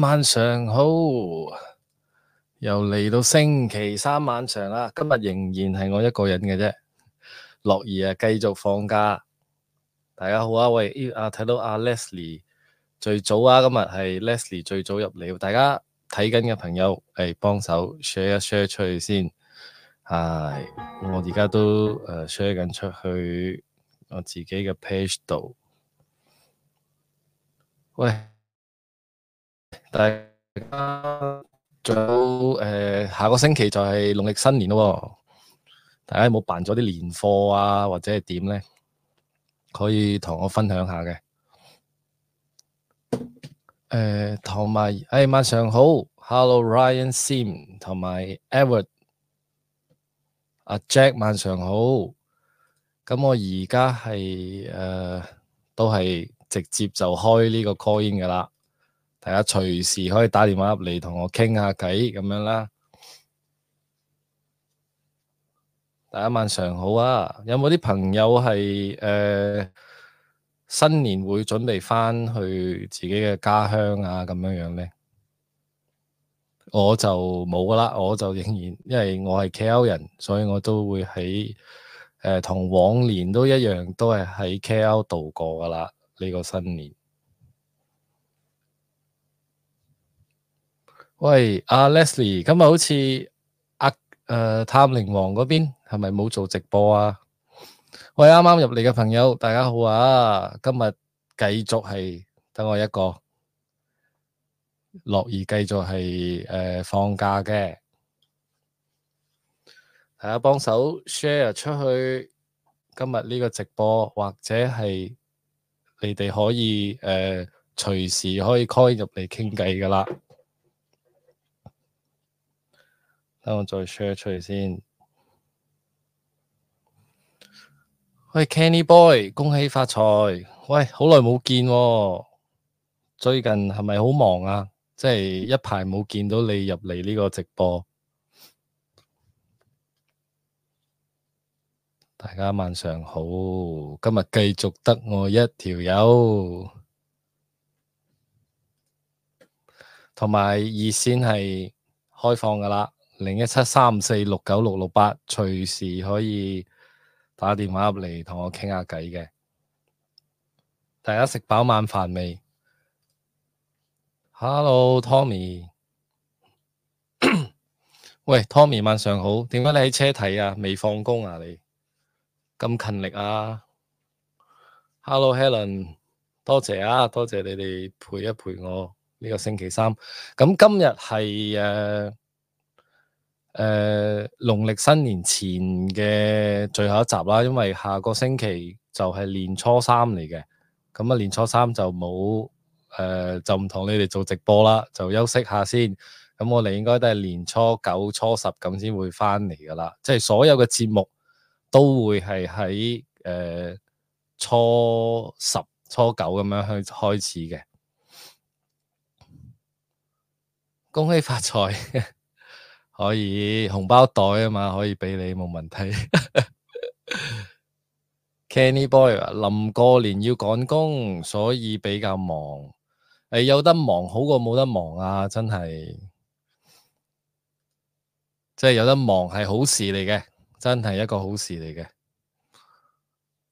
晚上好，又嚟到星期三晚上啦。今日仍然係我一個人嘅啫，樂兒啊繼續放假。大家好啊，喂啊睇到阿、啊、Leslie 最早啊，今日係 Leslie 最早入嚟。大家睇緊嘅朋友嚟幫、哎、手 share 一 share 出去先。係我而家都誒 share 緊出去我自己嘅 page 度。喂。大家早誒、呃，下個星期就係農曆新年咯、哦，大家有冇辦咗啲年貨啊，或者係點咧？可以同我分享下嘅。誒、呃，同埋，誒、哎，晚上好，Hello Ryan Sim，同埋 Edward，阿、啊、Jack 晚上好。咁我而家係誒，都係直接就開呢個 call in 噶啦。大家隨時可以打電話入嚟同我傾下偈，咁樣啦。大家晚上好啊！有冇啲朋友係誒、呃、新年會準備翻去自己嘅家鄉啊？咁樣樣呢，我就冇啦。我就仍然，因為我係 KL 人，所以我都會喺誒同往年都一樣，都係喺 KL 度過噶啦，呢個新年。喂，阿、啊、Leslie，今日好似阿誒探靈王嗰邊係咪冇做直播啊？喂，啱啱入嚟嘅朋友，大家好啊！今日繼續係等我一個樂意繼續係誒、呃、放假嘅，大家幫手 share 出去今日呢個直播，或者係你哋可以誒、呃、隨時可以 call 入嚟傾偈噶啦。等我再 share 出嚟先。喂，Kenny Boy，恭喜發財！喂，好耐冇見喎，最近係咪好忙啊？即係一排冇見到你入嚟呢個直播。大家晚上好，今日繼續得我一條友，同埋熱線係開放噶啦。零一七三四六九六六八，隨時可以打電話入嚟同我傾下偈嘅。大家食飽晚飯未？Hello，Tommy。 喂，Tommy，晚上好。點解你喺車睇啊？未放工啊？你咁勤力啊？Hello，Helen。Hello, Helen. 多謝啊，多謝你哋陪一陪我呢個星期三。咁今日係誒。呃誒，農曆、呃、新年前嘅最後一集啦，因為下個星期就係年初三嚟嘅，咁、嗯、啊年初三就冇誒、呃，就唔同你哋做直播啦，就休息下先。咁、嗯、我哋應該都係年初九、初十咁先會翻嚟噶啦，即係所有嘅節目都會係喺誒初十、初九咁樣開開始嘅。恭喜發財！ 可以紅包袋啊嘛，可以畀你冇問題。Canny Boy 話臨過年要趕工，所以比較忙。誒、欸，有得忙好過冇得忙啊！真係，即係有得忙係好事嚟嘅，真係一個好事嚟嘅。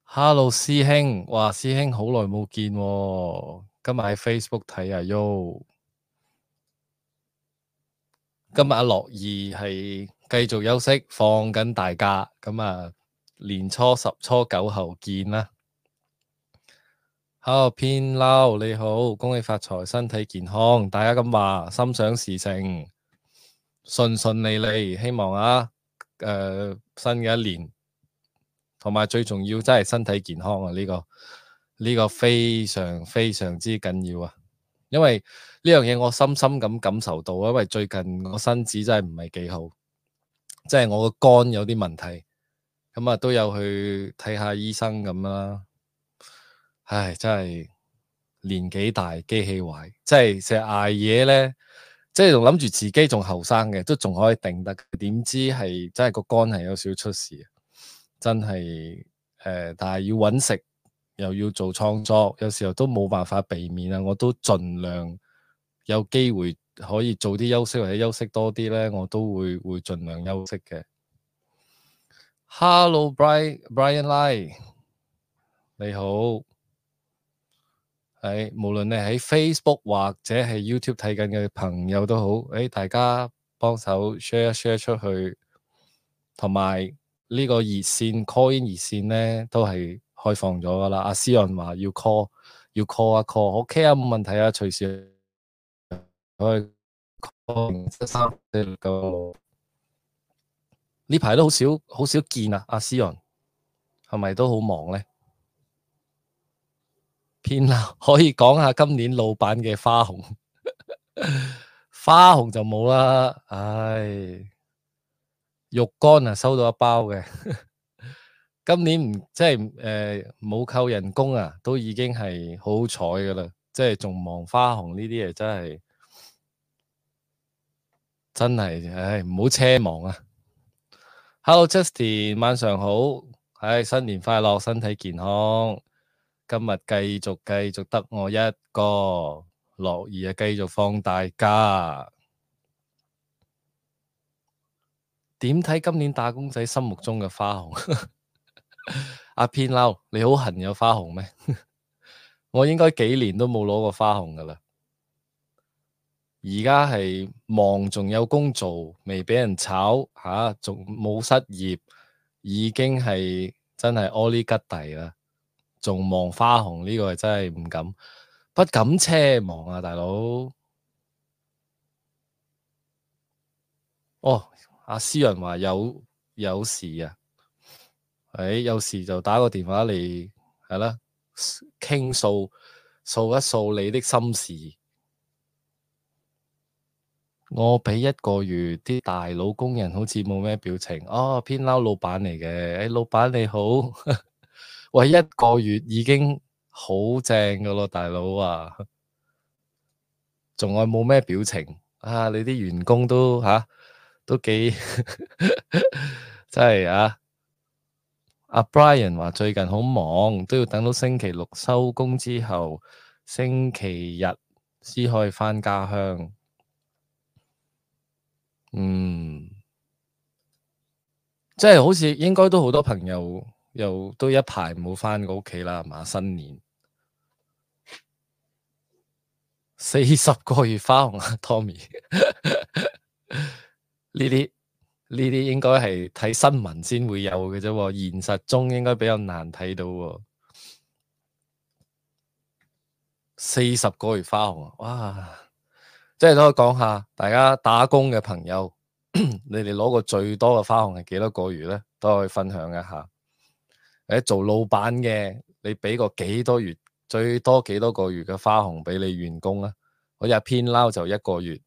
Hello 師兄，哇，師兄好耐冇見、喎，今日喺 Facebook 睇啊 Yo 今日阿、啊、樂二係繼續休息，放緊大假，咁啊年初十初九後見啦。Hello，好，偏撈你好，恭喜發財，身體健康，大家咁話心想事成，順順利利。希望啊，誒、呃、新嘅一年，同埋最重要真係身體健康啊！呢個呢個非常非常之緊要啊，因為。呢樣嘢我深深咁感受到，因為最近我身子真係唔係幾好，即係我個肝有啲問題，咁啊都有去睇下醫生咁啦。唉，真係年紀大，機器壞，即係成日捱夜咧，即係仲諗住自己仲後生嘅，都仲可以定得，知是是點知係真係個肝係有少少出事，真係誒、呃，但係要搵食又要做創作，有時候都冇辦法避免啊，我都盡量。有機會可以早啲休息或者休息多啲咧，我都會會盡量休息嘅。Hello，Brian，Brian，Lie，你好，喺、哎、無論你喺 Facebook 或者係 YouTube 睇緊嘅朋友都好，誒、哎，大家幫手 share 一 share 出去，同埋呢個熱線 call in 熱線咧都係開放咗噶啦。阿思潤話要 call 要 call 啊 call，OK 啊，冇問題啊，隨時。呢排都好少好少見啊！阿思洋係咪都好忙呢？偏啦，可以講下今年老闆嘅花紅， 花紅就冇啦，唉、哎，肉乾啊收到一包嘅， 今年唔即係誒冇扣人工啊，都已經係好好彩噶啦，即係仲忙花紅呢啲嘢真係。真係，唉，唔好奢望啊！Hello，Justin，晚上好，唉，新年快樂，身體健康。今日繼續繼續得我一個，樂意啊，繼續放大假。點睇今年打工仔心目中嘅花紅？ 阿片佬，你好痕有花紅咩？ 我應該幾年都冇攞過花紅噶啦。而家係忙，仲有工做，未畀人炒吓，仲、啊、冇失業，已經係真係阿之吉地啦。仲望花紅呢、呢個真係唔敢，不敢奢望啊，大佬。哦，阿思人話有有事啊，誒、哎，有事就打個電話嚟，係啦，傾訴訴一訴你的心事。我畀一個月啲大佬工人好似冇咩表情哦，偏嬲老闆嚟嘅，誒、哎，老闆你好，喂， 一個月已經好正噶咯，大佬啊，仲係冇咩表情啊，你啲員工都吓、啊、都幾， 真係啊，阿、啊、Brian 話最近好忙，都要等到星期六收工之後，星期日先可以返家鄉。嗯，即係好似應該都好多朋友又都一排冇翻過屋企啦，嘛新年四十個月花紅啊，Tommy 呢啲呢啲應該係睇新聞先會有嘅啫喎，現實中應該比較難睇到喎。四十個月花紅啊，哇！即係都可以講下，大家打工嘅朋友， 你哋攞過最多嘅花紅係幾多個月咧？都可以分享一下。誒、呃，做老闆嘅，你俾過幾多月，最多幾多個月嘅花紅俾你員工咧？好似阿偏撈就一個月，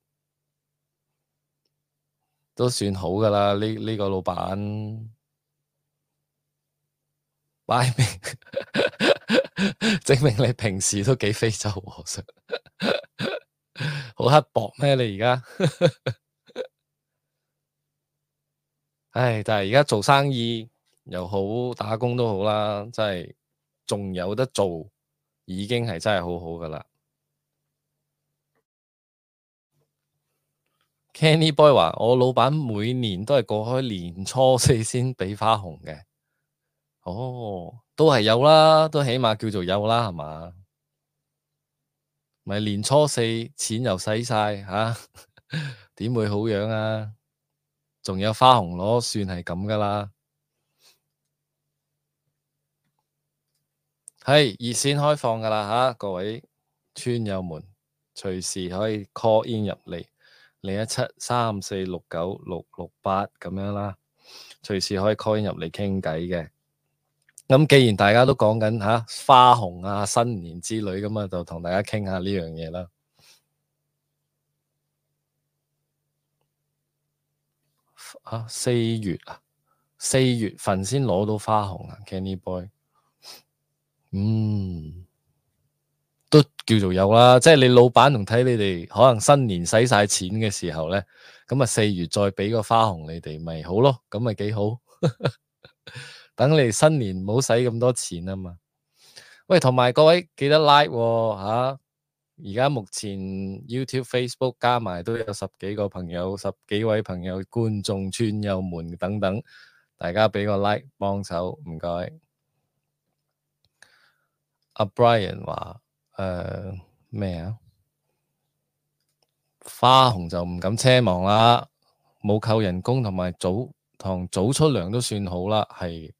都算好噶啦。呢呢、這個老闆，擺明 證明你平時都幾非洲和尚。 好刻薄咩你而家？ 唉，但係而家做生意又好，打工都好啦，真係仲有得做，已經係真係好好噶啦。Kenny Boy 話： 我老闆每年都係過開年初四先俾花紅嘅。哦，都係有啦，都起碼叫做有啦，係嘛？咪年初四，錢又使晒，嚇、啊，點 會好樣啊？仲有花紅攞，算係咁噶啦。係熱線開放噶啦嚇，各位村友們，隨時可以 call in 入嚟，零一七三四六九六六八咁樣啦，隨時可以 call in 入嚟傾偈嘅。咁、嗯、既然大家都講緊嚇花紅啊新年之類咁啊，就同大家傾下呢樣嘢啦。啊四月啊，四月份先攞到花紅啊 Kenny Boy。嗯，都叫做有啦，即係你老闆同睇你哋可能新年使晒錢嘅時候呢，咁啊四月再俾個花紅你哋咪好咯，咁咪幾好。 等你新年唔好使咁多錢啊嘛，喂，同埋各位記得 like 吓、哦，而、啊、家目前 YouTube、Facebook 加埋都有十幾個朋友、十幾位朋友觀眾、串友們等等，大家畀個 like 幫手，唔該。阿 Brian 話：誒、呃、咩啊？花紅就唔敢奢望啦，冇扣人工同埋早同早出糧都算好啦，係。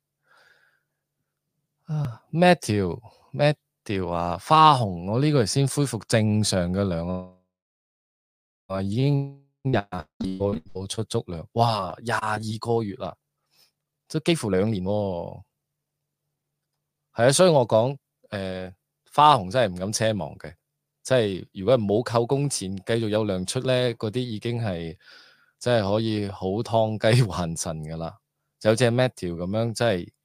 啊，Matthew，Matthew Matthew 啊，花紅我呢個月先恢復正常嘅糧啊。啊已經廿二個月冇出足糧，哇廿二個月啦、啊，即係幾乎兩年、啊，係啊，所以我講誒、呃，花紅真係唔敢奢望嘅，即係如果冇扣工錢，繼續有糧出咧，嗰啲已經係真係可以好湯雞還神噶啦，就好似 Matthew 咁樣真係。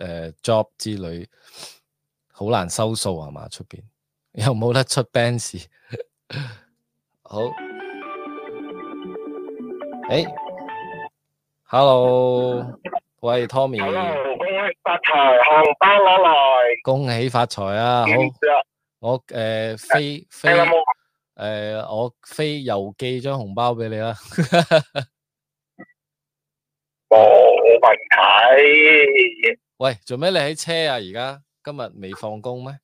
誒，job 之類好難收數啊嘛，出邊又冇得出 band 事。好，誒，hello，我係 Tommy，恭喜發財，紅包攞來，恭喜發財啊，好，我誒飛飛，誒我飛郵寄張紅包俾你啊，冇問題。喂，做咩你喺車啊？而家今日未放工咩？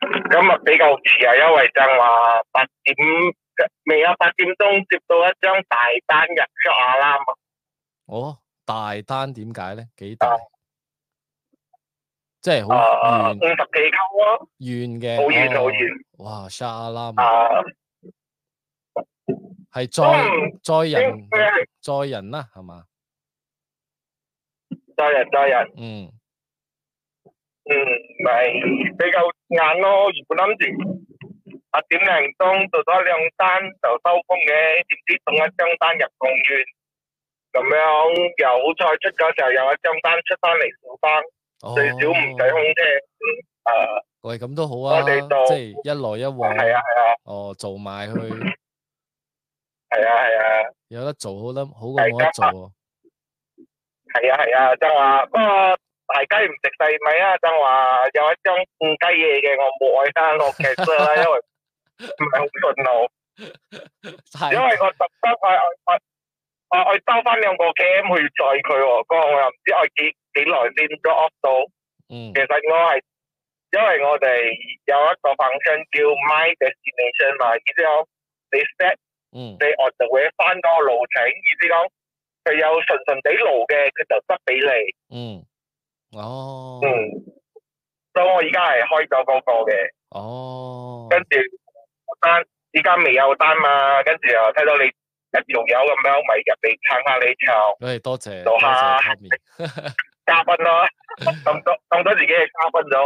今日比較遲啊，因為正話八點，未有八點鐘接到一張大單入咗阿林哦，大單點解咧？幾大？啊、即係好啊！五十幾溝的啊！遠嘅在，好遠好遠。哇沙 h 阿林啊，係載、嗯、載人，載人啦，係嘛？做人做人，嗯，嗯，唔係比較硬咯。如果諗住，八點零鐘就得兩單就收工嘅，點知送一張單入公園，咁樣又好彩出咗時候，又一張單出翻嚟，少翻最少唔使空車。誒，喂，咁都好啊，即係一來一往。係啊係啊。哦，做埋去。係啊係啊。有得做好得，好過冇得做。係啊，係啊，即係話，大雞唔食細米啊！就係話，有一張唔雞嘢嘅，我冇愛生落劇車啦，因為唔係好順路。因為我特登，我我我我兜翻兩個 game 去載佢，個我又唔知我幾幾耐先到到。其實我係，因為我哋有一個 function 叫 My Destination 嘛，意思講你 set，你我就會翻個路程，意思講。佢有純純地路嘅，佢就得俾你。嗯，哦。嗯，所以我而家係開咗個課嘅。哦。跟住單依家未有單嘛，跟住又睇到你入油有咁樣咪入嚟撐下你唱，多謝多謝，嘉賓咯，咁多咁多自己嘅嘉賓咗、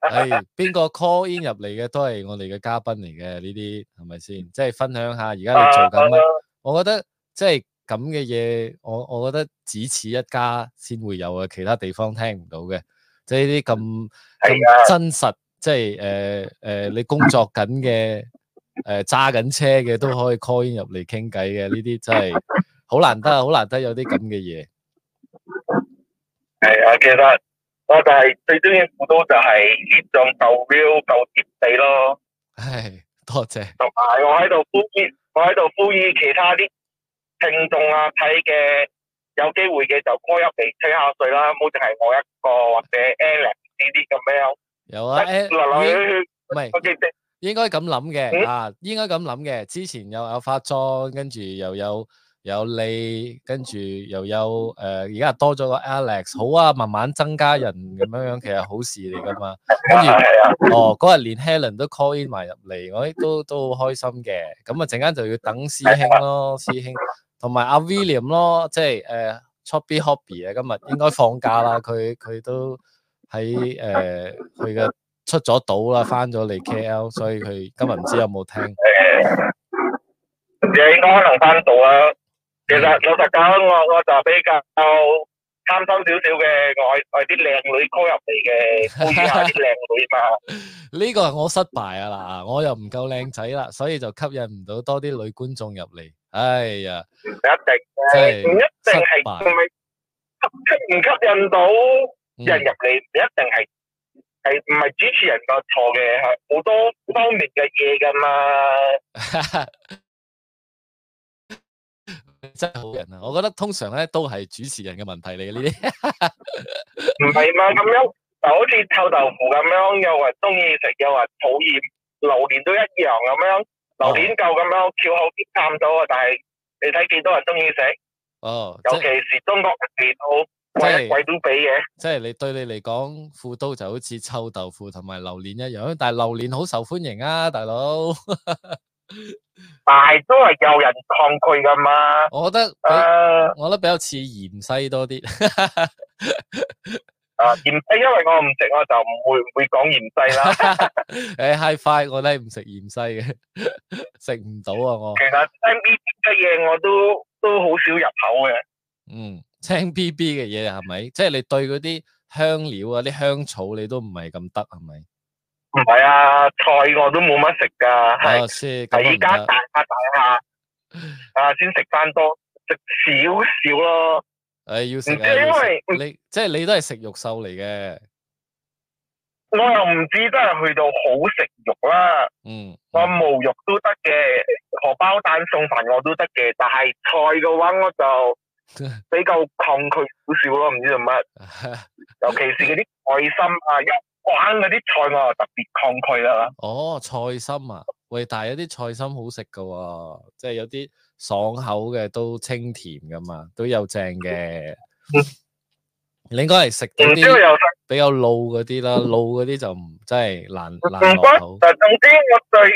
嗯，那個、我依家。係邊個 call in 入嚟嘅？都係我哋嘅嘉賓嚟嘅呢啲，係咪先？即係分享下而家你做緊乜？我覺得、就是、即係。咁嘅嘢，我我覺得只此一家先會有啊，其他地方聽唔到嘅，即係呢啲咁咁真實，即係誒誒，你工作緊嘅、誒揸緊車嘅都可以 call in 入嚟傾偈嘅，呢啲真係好難得，好難得有啲咁嘅嘢。係，其實我就係最中意輔導就係呢種逗標夠貼地咯。係，多謝。同埋我喺度呼籲，我喺度呼籲其他啲聽眾啊睇嘅有機會嘅就 call 入嚟吹下水啦，冇淨係我一個或者 Alex 呢啲咁樣有啊，Alex，唔係應該咁諗嘅啊，應該咁諗嘅。之前又有化妝，跟住又有有你，跟住又有誒，而家多咗個 Alex，好啊，慢慢增加人咁樣樣，其實好事嚟噶嘛。跟住哦，嗰日連 Helen 都 call 埋入嚟，我都都好開心嘅。咁啊，陣間就要等師兄咯，師兄。同埋阿 William 咯，即係誒 Chubby Hobby 啊，今日應該放假啦。佢佢都喺誒佢嘅出咗島啦，翻咗嚟 KL，所以佢今日唔知有冇聽誒。你應該可能翻到啦。其實老實講，我我就比較貪心少少嘅，愛愛啲靚女 call 入嚟嘅，歡迎下啲靚女啊嘛。呢個係我失敗啊嗱，我又唔夠靚仔啦，所以就吸引唔到多啲女觀眾入嚟。哎呀，唔一定，唔一定係唔係吸唔吸引到人入嚟，唔一定係係唔係主持人個錯嘅，係好多方面嘅嘢噶嘛。真係好人啊！我覺得通常咧都係主持人嘅問題嚟嘅呢啲，唔係嘛？咁樣就好似臭豆腐咁樣，又話中意食，又話討厭榴蓮都一樣咁樣。榴蓮舊咁樣，翹口邊差唔多啊！但係你睇幾多人中意食哦，哦尤其是中國嘅嚟好季季都俾嘅。即係你對你嚟講，富都就好似臭豆腐同埋榴蓮一樣，但係榴蓮好受歡迎啊，大佬。 但係都係有人抗拒噶嘛？我覺得，誒、呃，我覺得比較似芫茜多啲。 啊！芫荽因為我唔食，我就唔會唔會講芫荽啦。誒 ，Hi Five，我都係唔食芫荽嘅，食唔到啊！我其實青 B B 嘅嘢我都都好少入口嘅。嗯，青 B B 嘅嘢係咪？是是 即係你對嗰啲香料啊、啲香草，你都唔係咁得係咪？唔係啊！菜我都冇乜食噶，係依家大下大下啊！先食翻多食少少咯。 誒、哎，要食、哎、因為你即係你都係食肉獸嚟嘅，我又唔知真係去到好食肉啦、嗯。嗯，我冇肉都得嘅，荷包蛋送飯我都得嘅，但係菜嘅話我就比較抗拒少少咯，唔 知做乜。尤其是嗰啲菜心 啊，一梗嗰啲菜我就特別抗拒啦。哦，菜心啊，喂，但係有啲菜心好食㗎，即係有啲。爽口嘅都清甜㗎嘛，都有正嘅。 你應該係食到啲比較老嗰啲啦， 老嗰啲就唔真係難 難入口。但總之我對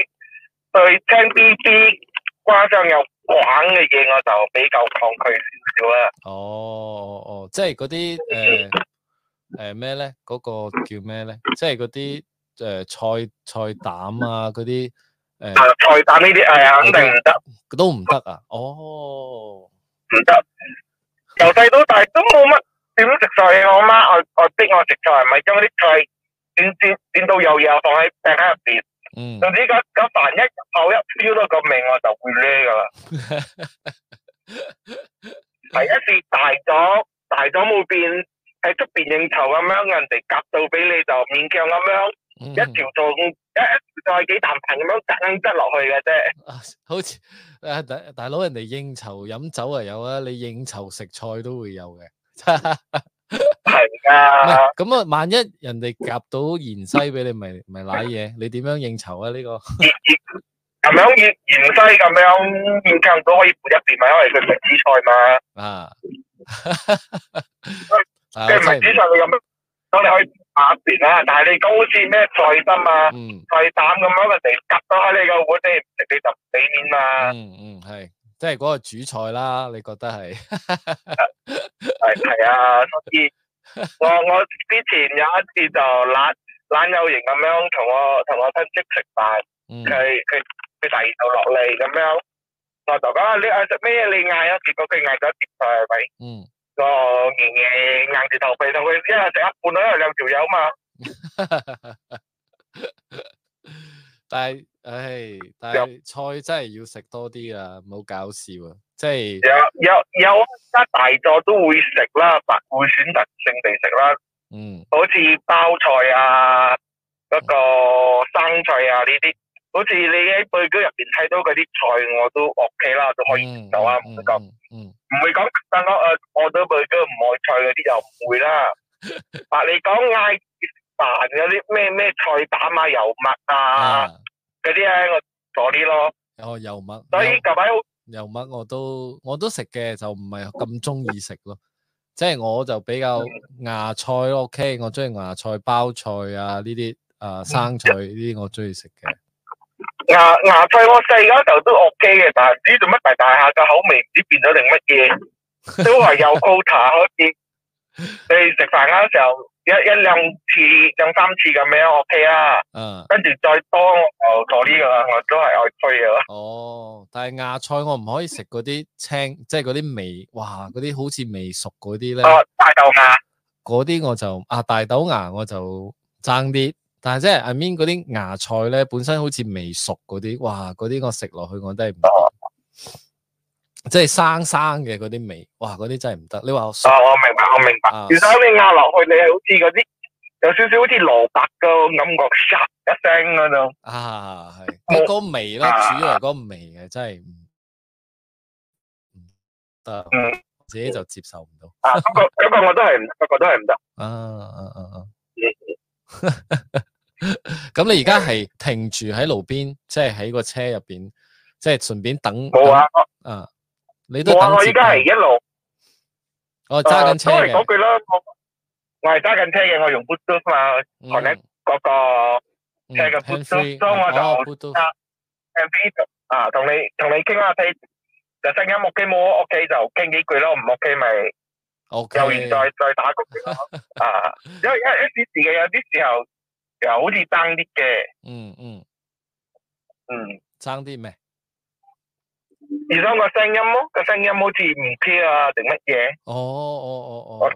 對聽啲啲瓜醬又猛嘅嘢，我就比較抗拒少少啦。哦哦即係嗰啲誒誒咩咧？嗰、呃呃嗰個叫咩咧？即係嗰啲誒菜菜膽啊，嗰啲。誒，嗯、菜蛋呢啲係肯定唔得，都唔得啊！哦，唔得，由細到大都冇乜點食菜。我媽我我逼我食菜，咪將啲菜剪剪剪到又又放喺放喺入邊。嗯，總之咁咁，凡一口一燒咗個味，我就會叻噶啦。 第一次大咗，大咗冇變，喺出邊應酬咁樣，人哋夾到俾你就勉強咁樣。一條粽，一袋幾啖飯咁樣夾得落去嘅啫。好似誒大大佬，人哋應酬飲酒啊有啊，你應酬食菜都會有嘅。係啊。咁啊，萬一人哋夾到芫茜俾你，咪咪瀨嘢。你點樣應酬啊？呢個。咁樣芫芫茜咁樣，更加多可以補一啲，因為佢食紫菜嘛。啊。即係唔係紫菜，你有咩？當你可以壓住啦，但係你講好似咩菜心啊、菜膽咁樣，人哋夾咗喺你個碗，你唔食，你就唔俾面嘛。嗯嗯，係，即係嗰個主菜啦，你覺得係？係係啊，所 以我我之前有一次就懶懶有型咁樣同我同我親戚食飯，佢佢佢第二度落嚟咁樣，我就講啊，你嗌食咩你嗌嘅？佢講佢嗌咗碟菜係咪？嗯。個樣樣硬住頭皮同佢，因為成一半都係兩條友嘛。 但係，哎、有但係菜真係要食多啲啊！唔好搞笑，啊、就是。即係有有有家大個都會食啦，會選擇性地食啦。嗯，好似包菜啊，嗰、那個生菜啊呢啲。好似你喺貝果入邊睇到嗰啲菜，我都 OK 啦，就可以食到啊，唔會咁唔會咁。但我誒，我對貝果唔愛菜嗰啲就唔會啦。 啊，你講嗌飯嗰啲咩咩菜蛋啊、油麥啊嗰啲咧，我多啲咯。哦，油麥。所以近排油麥我都我都食嘅，就唔係咁中意食咯。 即係我就比較芽菜 OK，我中意芽菜、包菜啊、呢啲誒生菜呢啲，我中意食嘅。 芽牙，牙菜我細個時候都 ok 嘅，但係唔知做乜大大下個口味唔知變咗定乜嘢，都係有高糖好似。 你食飯嗰時候一一兩次、兩三次咁樣 ok 啊，嗯、跟住再多我就啲呢個我都係愛推嘅咯。哦，哦但係芽菜我唔可以食嗰啲青，即係嗰啲味。哇，嗰啲好似未熟嗰啲咧。大豆芽。嗰啲我就啊，大豆芽我就爭啲。.但係即係阿 I mean 嗰啲芽菜咧，本身好似未熟嗰啲，哇嗰啲我食落去我都係唔得，即係生生嘅嗰啲味，哇嗰啲真係唔得。你話，啊我明白，我明白。先生、啊、你壓落去，你係好似嗰啲有少少好似蘿蔔嘅感覺沙聲嗰種。啊係，嗰個味咯，啊、主要係個味嘅真係唔得，自己就接受唔到。 啊不我都係唔，不過都係唔得。啊。啊啊 咁 你而家係停住喺路邊，即係喺個車入邊，即係順便等。冇啊，啊，你都等我而家係一路，我揸緊車 ouais,。都係嗰句咯，我係揸緊車嘅，我用 Bluetooth 嘛 connect 嗰個車嘅 Bluetooth，所以我就 M V 啊，同你同你傾下聽，就陣間屋企冇屋企就傾幾句咯，唔 OK 咪 OK，又再再打個電話啊，因為有啲時嘅有啲時候。又好似爭啲嘅，嗯嗯嗯，爭啲咩？而家個聲音咯，個聲音好似唔知啊定乜嘢？哦哦哦哦，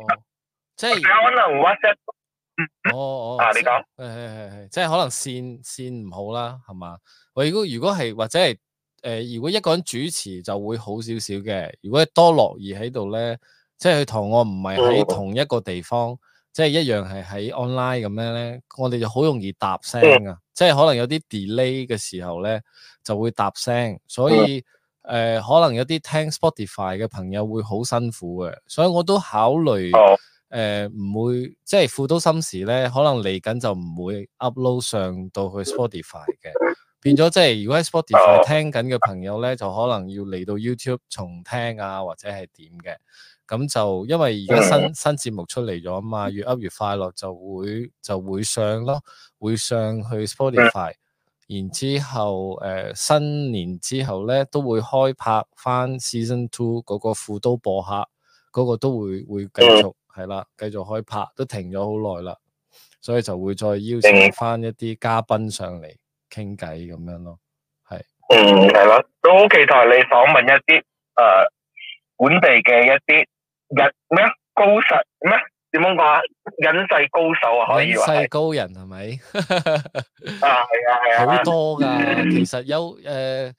即係而家可能 WhatsApp，哦哦，啊你講，係係係，即係可能線線唔好啦，係嘛？我如果如果係或者係誒，如果一個人主持就會好少少嘅。如果係多樂兒喺度咧，即係佢同我唔係喺同一個地方。即係一樣係喺 online 咁樣咧，我哋就好容易搭聲啊！即係可能有啲 delay 嘅時候咧，就會搭聲，所以誒、呃、可能有啲聽 Spotify 嘅朋友會好辛苦嘅，所以我都考慮誒唔、呃、會即係付到心事咧，可能嚟緊就唔會 upload 上到去 Spotify 嘅，變咗即係如果喺 Spotify 聽緊嘅朋友咧，就可能要嚟到 YouTube 重聽啊，或者係點嘅。咁就因為而家新新節目出嚟咗啊嘛，越噏越快樂就會就會上咯，會上去 Spotify。然之後誒新年之後咧都會開拍翻 Season Two 嗰個富都播客，嗰個都會會繼續係啦，繼續開拍都停咗好耐啦，所以就會再邀請翻一啲嘉賓上嚟傾偈咁樣咯，係。嗯，係啦，都好期待你訪問一啲誒、呃、本地嘅一啲。人咩高勢咩點樣講隱世高手啊？隱世高人係咪 啊？係啊係啊，好、啊啊、多噶。其實有誒誒、呃呃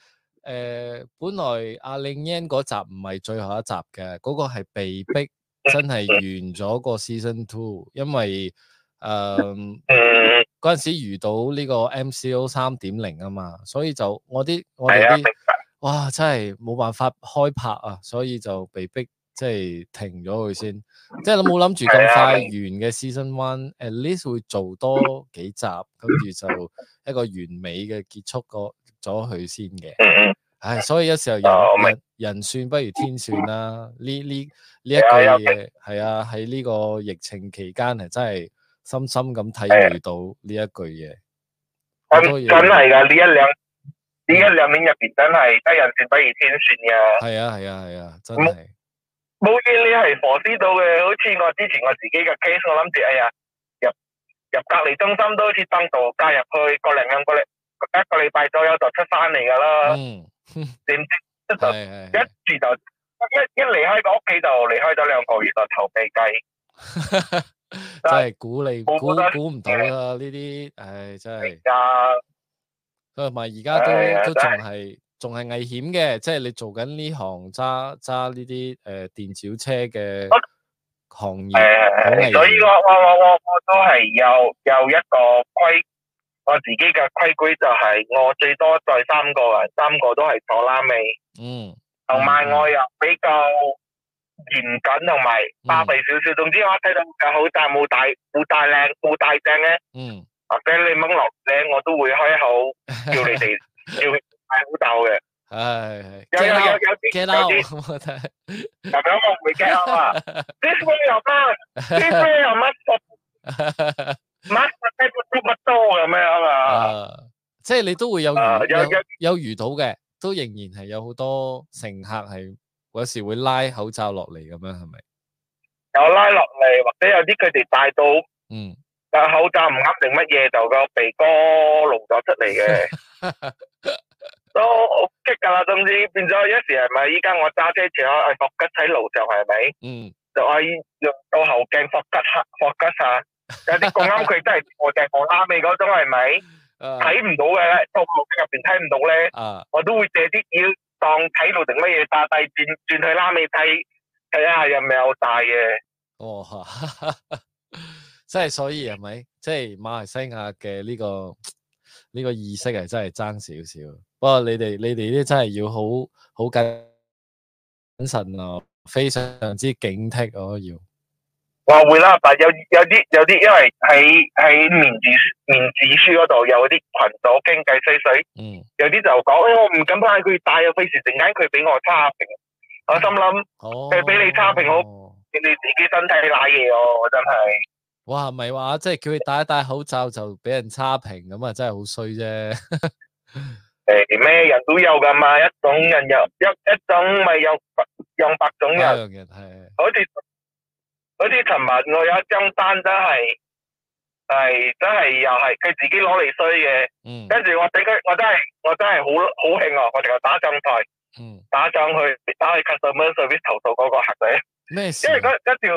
呃，本來阿令 i 嗰集唔係最後一集嘅，嗰、嗰個係被逼真係完咗個 Season Two，因為誒嗰陣時遇到呢個 M C O 三點零啊嘛，所以就我啲我哋啲哇真係冇辦法開拍啊，所以就被逼。即係停咗佢先，即係你冇諗住咁快完嘅 season one，at least 會做多幾集，跟住就一個完美嘅結束過咗佢先嘅。唉、哎，所以有時候人 人，人算不如天算啦、啊。呢呢呢一句嘢係 啊，喺呢個疫情期間係真係深深咁體會到呢一句嘢。咁咁係㗎，呢一兩呢一兩年入邊真係得人算不如天算呀。係、 嗯、啊係啊係啊，啊，啊，真係。冇見你係佛知道嘅，好似我之前我自己嘅 case，我諗住哎呀入入隔離中心都好似登到加入去個零晏個零一個禮拜左右就出返嚟噶啦，點知一就一住就一一離開個屋企就離開咗兩個月就投避計，真係估你估估唔到啦呢啲，唉真係。佢同埋而家都都仲係。仲係危險嘅，即係你做緊呢行揸揸呢啲誒電召車嘅行業，所以個我我我都係有有一個規，我自己嘅規矩就係我最多載三個人，三個都係坐拉尾。嗯，同埋我又比較嚴謹，同埋巴閉少少。總之我睇到就好，但冇大冇大靚冇大正咧。嗯，或者你掹落嚟，我都會開口叫你哋叫。係好鬥嘅，係有有有有啲有啲，咁樣我唔會驚啊嘛。呢班又乜？呢班又乜？乜乜雞巴都乜多嘅咩啊嘛？即係你都會有有有遇到嘅，都仍然係有好多乘客係有時會拉口罩落嚟咁樣，係咪？有拉落嚟，或者有啲佢哋戴到，嗯，但口罩唔啱定乜嘢，就個鼻哥露咗出嚟嘅。都好激噶啦，甚至變咗一時係咪？依家我揸車坐喺伏吉喺路上係咪？嗯，就可以用到後鏡伏吉吓，伏吉吓，有啲咁啱佢真係我淨望拉尾嗰種係咪？睇唔到嘅咧，個後鏡入邊睇唔到咧，我都會借啲要當睇路定乜嘢，打低轉轉去拉尾睇睇下有唔係好大嘅。哦，即係所以係咪？即係馬來西亞嘅呢個呢個意識係真係爭少少。不過你哋你哋呢，真係要好好謹慎啊！非常之警惕哦，要。我會啦，但有有啲有啲，因為喺喺面子面子書嗰度有啲群組經濟衰衰，聊聊聊聊嗯，有啲就講、欸，我唔敢帶佢戴啊，費事陣間佢俾我差評。我心諗，哦，佢俾你差評，我你自己身體瀨嘢我真係。我係咪話即係叫佢戴一戴口罩就俾人差評咁啊？真係好衰啫～ 係咩人都有噶嘛。一種人有一一種，咪有用百種人。係係。好似好似尋日，我有一張單真係係真係又係佢自己攞嚟衰嘅。嗯。跟住我俾佢，我真係我真係好好興啊！我哋個打上台，嗯，打上去打去 customer service 上面投訴嗰個客仔。咩事？因為嗰嗰條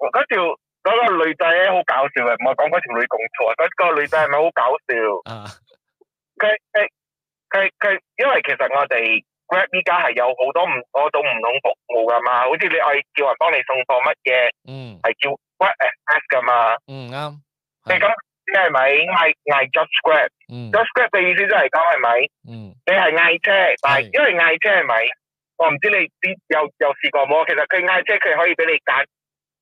嗰條嗰個女仔好搞笑嘅，唔係講嗰條女講錯啊！嗰個女仔係咪好搞笑？啊。佢佢佢，因為其實我哋 Grab 依家係有好多唔種唔同服務噶嘛，好似你嗌叫人幫你送貨乜嘢，嗯，係叫 WhatsApp 噶嘛，嗯啱。你咁係咪嗌嗌 Just Grab？Just Grab 嘅、嗯、grab 意思即係咁係咪？是是嗯，你係嗌車，係因為嗌車係咪是？我唔知你有有試過冇？其實佢嗌車佢可以俾你揀，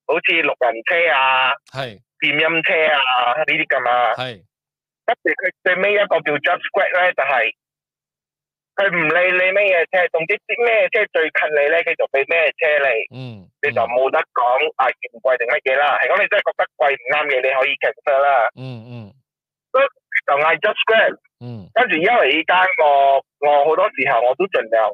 好似六人車啊，係電是音車啊呢啲噶嘛，係。跟住佢最尾一個叫 Judge Square 咧，就係佢唔理你咩嘢車，總之啲咩車最近你咧，佢就俾咩車你。嗯，你就冇、嗯、得講啊，嫌貴定乜嘢啦？係、就、我、是、你真係覺得貴唔啱嘅，你可以 cancel 啦。嗯嗯，就嗌 Judge Square。嗯，Square，嗯跟住因為依家我我好多時候我都盡量，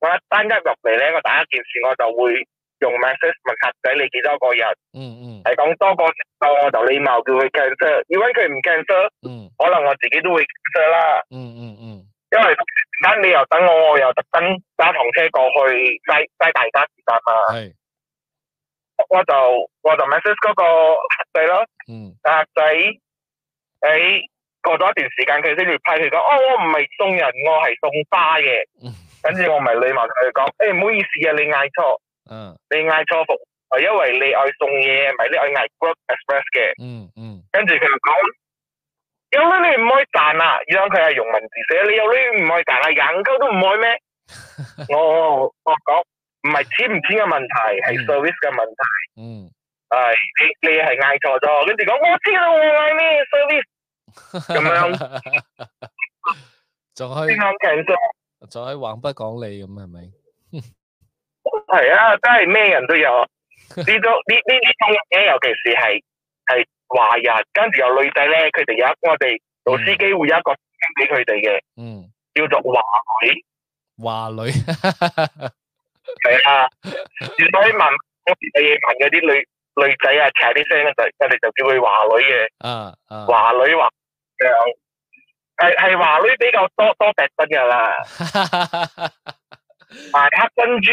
我一單一入嚟咧，我第一件事我就會。用 message 問客仔你幾多個人？嗯嗯、mm，係、hmm. 講多個時候，我就禮貌叫佢 cancel。如果佢唔 cancel，嗯，hmm. 可能我自己都會 cancel 啦。嗯嗯嗯，hmm. 因為而家你又等我，我又特登揸房車過去，嘥嘥大家時間嘛。係是，我就我就 message 嗰個客仔咯。嗯、mm，hmm. 客仔，喺、欸、過咗一段時間，佢先至派佢講，哦，我唔係送人，我係送花嘅。跟住、mm hmm. 我咪禮貌同佢講，誒，唔、欸、好意思啊，你嗌錯。嗯，你嗌錯服，係因為你愛送嘢，咪你愛嗌 group express 嘅。嗯嗯，跟住佢就講，有咩你唔可以彈啊？咁樣佢係用文字寫，你有啲唔可以彈啊，人工都唔可以咩？我我講唔係錢唔錢嘅問題，係 service 嘅問題。嗯，係你你係嗌錯咗，跟住講我知啦，我嗌咩 service？咁樣仲可以繼續，仲可以橫不講理咁係咪？係啊，真係咩人都有。呢 種呢呢啲中嘅，尤其是係係華人，跟住有女仔咧，佢哋有一我哋老司機會有一個俾佢哋嘅，嗯，叫做華女，華女，係啊。所以問我哋問嗰啲女女仔啊，斜啲聲啊，就我哋就叫佢華女嘅，啊華女華，誒，係係華女比較多多訂婚噶啦，賣黑珍珠。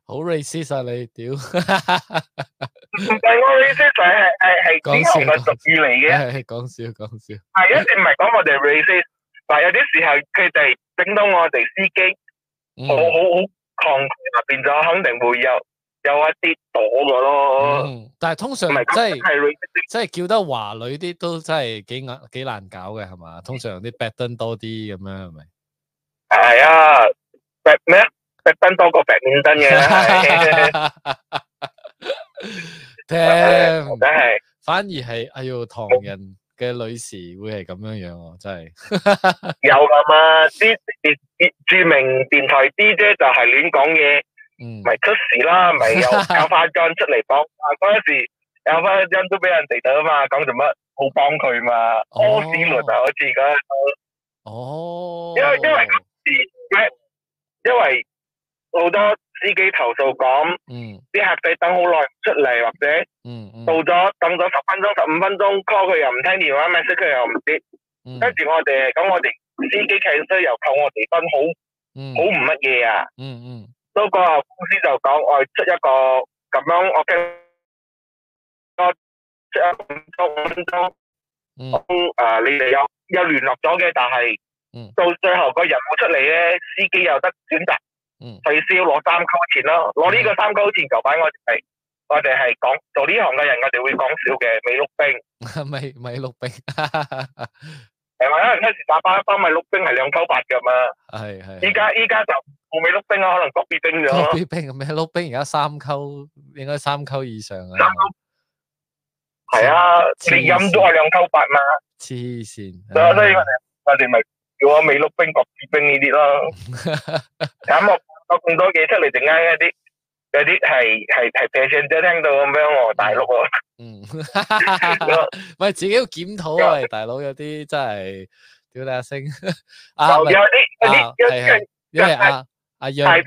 好 racist 晒你，屌！唔係我 racist 晒係係係，講笑，係俗語嚟嘅。係講笑講笑。係啊，你唔係講我哋 racist，但係有啲時候佢哋整到我哋司機，我好好抗拒入邊就肯定會有有一啲躲㗎咯。嗯，但係通常即係即係叫得華女啲都真係幾難幾難搞嘅係嘛？通常啲 bad 燈多啲咁樣係咪？係啊，bad 咩？逼真多過逼面真嘅，聽真係反而係哎喲唐人嘅女士會係咁樣樣哦，真係有㗎嘛？啲電電著名電台 DJ 就係亂講嘢，唔係出事啦，唔係又又翻張出嚟幫，嗰時又翻一張都俾人哋到啊嘛，講做乜好幫佢嘛？好事嘛，但係好似而家哦，因為因為嗰時因為。好多司機投訴講，啲、嗯、客仔等好耐唔出嚟，或者到咗、嗯嗯、等咗十分鐘、十五分鐘 call 佢又唔聽電話，message 佢又唔、嗯、接，跟住我哋咁我哋司機騎車又扣我哋分好，嗯、好好唔乜嘢啊！嗯嗯，多、嗯、個公司就講我出一個咁樣，我嘅我出一個五分鐘，嗯，啊、你哋有有聯絡咗嘅，但係到最後個人冇出嚟咧，司機又得選擇。嗯，最少攞三溝錢咯，攞呢個三溝錢就擺我哋，我哋係講做呢行嘅人，我哋會講笑嘅美碌冰，美美碌冰係咪？可能嗰時打翻一包美碌冰係兩溝八噶嘛，係係。依家依家就冇美碌冰咯，可能谷比冰咗。谷比冰，咁美碌冰？而家三溝應該三溝以上啊。係啊，你飲都係兩溝八嘛。黐線。所以所以我哋我哋咪叫我美碌冰谷比冰呢啲咯，咁我。我咁多嘢出嚟，就啱一啲，有啲係係係 percent，就聽到咁樣喎，大佬。嗯，喂，自己要檢討啊，大佬，有啲真係屌你阿星。啊，有啲，有啲，係係，因為阿阿楊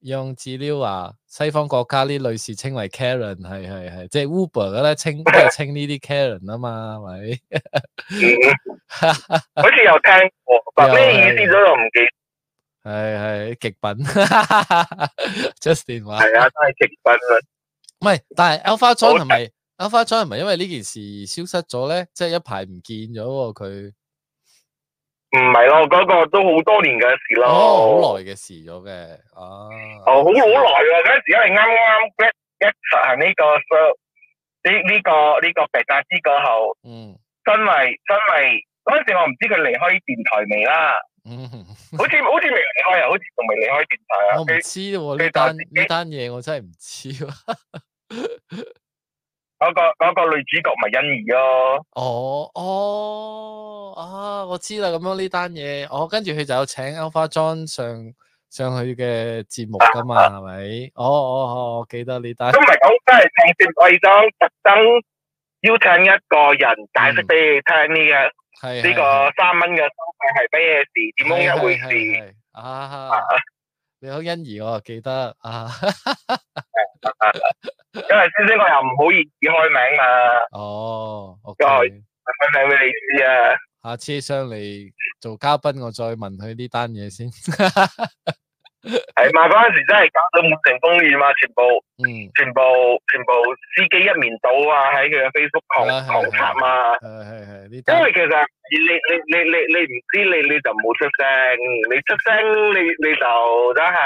楊志了話，西方國家呢類似稱為 Karen，係係係，即係 Uber 咧，稱稱呢啲 Karen 啊嘛，係咪，好似又聽過，但咩意思都又唔記。係係極品，Justin 電話係啊，真係極品啊！唔係，但係 Alpha Chong 係咪 Alpha Chong 係咪因為呢件事消失咗咧？即係一排唔見咗佢？唔係咯，嗰個都好多年嘅事咯，好耐嘅事咗咩？哦，好好耐啊！嗰陣時因為啱啱一實行呢個呢呢個呢個《皮達斯》過後，嗯，真係真係嗰陣時我唔知佢離開電台未啦。嗯，好似好似未離開，好似仲未離開電台啊！我唔知呢單呢單嘢，我真係唔知。嗰個嗰個女主角咪欣怡咯。哦哦啊，我知啦。咁樣呢單嘢，我跟住佢就有請歐花莊上上去嘅節目噶嘛？係咪？哦哦哦，我記得呢單。都唔係講，都係正正貴裝特登邀請一個人解釋俾你聽嘅。係呢個三蚊嘅收費係咩事？點解會係啊？啊你好欣怡、哦，我記得啊， 因為先生我又唔好意思開名，哦 okay、開名啊。哦，我開名俾你知啊。下次上嚟做嘉賓，我再問佢呢單嘢先。 係 嘛？嗰陣時真係搞到滿城風雨嘛，全部，嗯，全部，全部司機一面倒啊，喺佢嘅 Facebook 狂、啊、是是是狂刷嘛，係係係，是是是因為其實你你你你你唔知，你你，你，你，你，知你，你就唔好出聲，你出聲， 你你就真係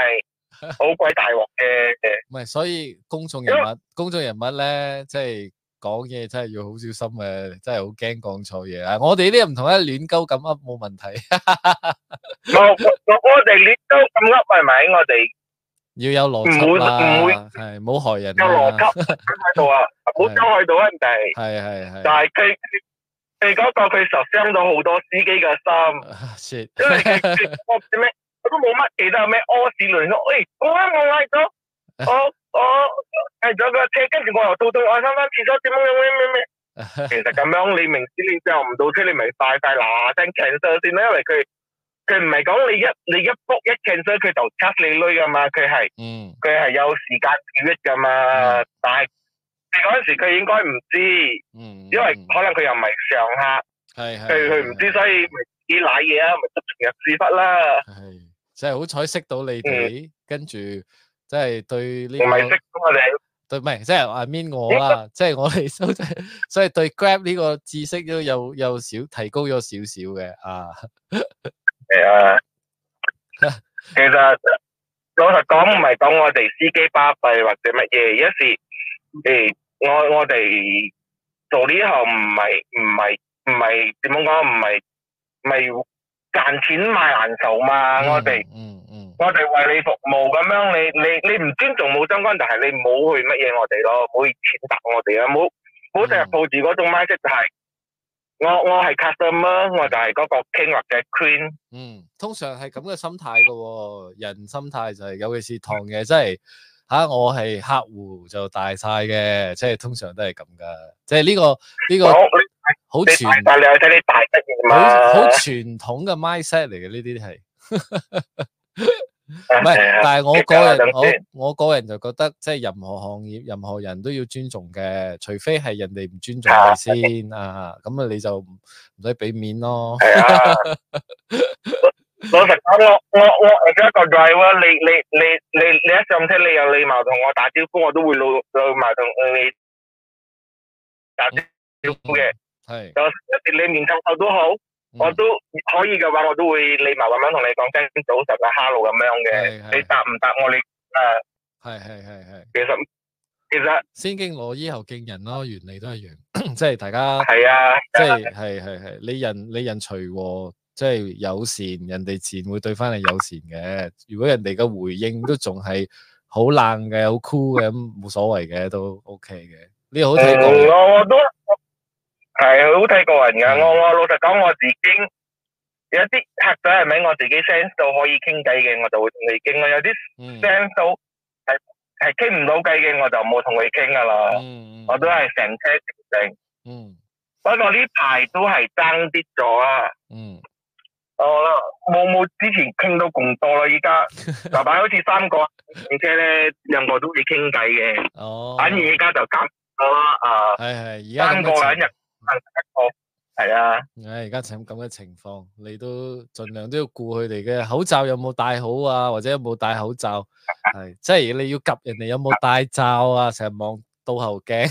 好鬼大鑊嘅嘅。唔係， 所以公眾， 公眾人物，公眾人物咧，即、就、係、是。講嘢真係要好小心嘅，真係好驚講錯嘢。我哋呢又唔同啦，亂鳩咁噏冇問題。我我我哋亂鳩咁噏係咪？我哋要有邏輯啦。唔會唔會係，唔好害人。有邏輯喺度啊，唔好傷害到人哋。係係係。但係佢佢講到佢受傷咗好多司機嘅心，因為佢佢屙啲咩，我都冇乜記得有咩屙屎落去。喂，我啱啱嚟到，屙。哦，誒咗個車，跟住我又到到我翻翻廁所點樣咩咩咩？其實咁樣你明知你之後唔到車，你咪快快嗱聲 cancel 先啦，因為佢佢唔係講你一你一 book 一 cancel 佢就 cut 你鐳噶嘛，佢係，佢係、嗯、有時間表噶嘛，嗯、但係嗰陣時佢應該唔知，因為可能佢又唔係常客，佢佢唔知，所以咪自己瀨嘢啦，咪入屎忽啦。係、嗯，真係好彩識到你哋，跟住。即係對呢個唔係識咁我哋對唔係即係話 mean 我啊，即係我哋所以所以對 Grab 呢個知識都有有少提高咗少少嘅啊。係啊，其實老實講唔係講我哋司機巴閉或者乜嘢，有時誒我我哋做呢行唔係唔係唔係點樣講唔係咪賺錢賣難受嘛？我哋嗯。我哋為你服務咁樣，你你你唔尊重冇相關，但係你唔好去乜嘢我哋咯，唔好踐踏我哋啊！唔好唔好成日抱住嗰種 mindset，、嗯、就係我我係 customer，我就係嗰個 king 或嘅 queen。嗯，通常係咁嘅心態噶、哦，人心態就係、是，尤其是堂嘅、嗯啊。即係吓我係客戶就大晒嘅，即係通常都係咁噶，即係呢、這個呢、這個、嗯、好傳，好你睇你大得嘅嘛，好，好，好傳統嘅 mindset 嚟嘅呢啲係。 唔係，但係我個人，我我個人就覺得，即係任何行業，任何人都要尊重嘅，除非係人哋唔尊重你先啊，咁啊你就唔使俾面咯。係啊，老實講，我我我而家個計喎，你你你你你一上車，你有禮貌同我打招呼，我都會老老埋同你打招呼嘅。係，有，你面相好多好。我都可以嘅話，我都會禮貌咁樣同你講跟早晨啊，哈嘍咁樣嘅。你答唔答我你誒？係係係係。其實其實先敬羅衣後敬人咯，原理都一樣。 即係大家係啊，啊即係係係係，你人你人隨和，即係友善，人哋自然會對翻你友善嘅。如果人哋嘅回應都仲係好冷嘅，好 cool 嘅，咁冇所謂嘅都 OK 嘅。你好，請講、嗯。我我都。係好睇個人噶，我我老實講我自己，有一啲客仔係咪我自己 sense 到可以傾偈嘅，我就會同你傾；我有啲 sense 到係係傾唔到偈嘅，我就冇同佢傾噶啦。嗯嗯、我都係成車成成。嗯、不過呢排都係爭啲咗啊！我冇冇之前傾到咁多啦，依家嗱，好似三個，而且咧兩個都係傾偈嘅。哦、反而依家就加咗啊！係、呃、係，三個兩日。係啊，唉，而家趁咁嘅情況，你都盡量都要顧佢哋嘅口罩有冇戴好啊，或者有冇戴口罩，係即係你要及人哋有冇戴罩啊，成日望倒後鏡，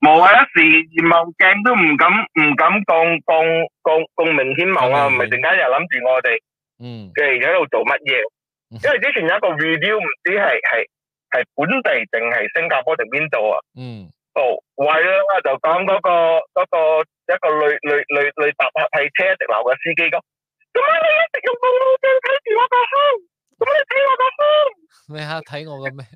冇啊，連望鏡都唔敢唔敢咁咁咁咁明顯望啊，唔係陣間又諗住我哋，嗯，佢而家喺度做乜嘢？因為之前有一個 video 唔知係係係本地定係新加坡定邊度啊，嗯。哦，喂啦就講嗰個嗰個一個女女女女搭客喺車直鬧嘅司機嗰，咁啊你一直用部烏龜睇住我個胸，咁你睇我個胸咩吓？睇我個咩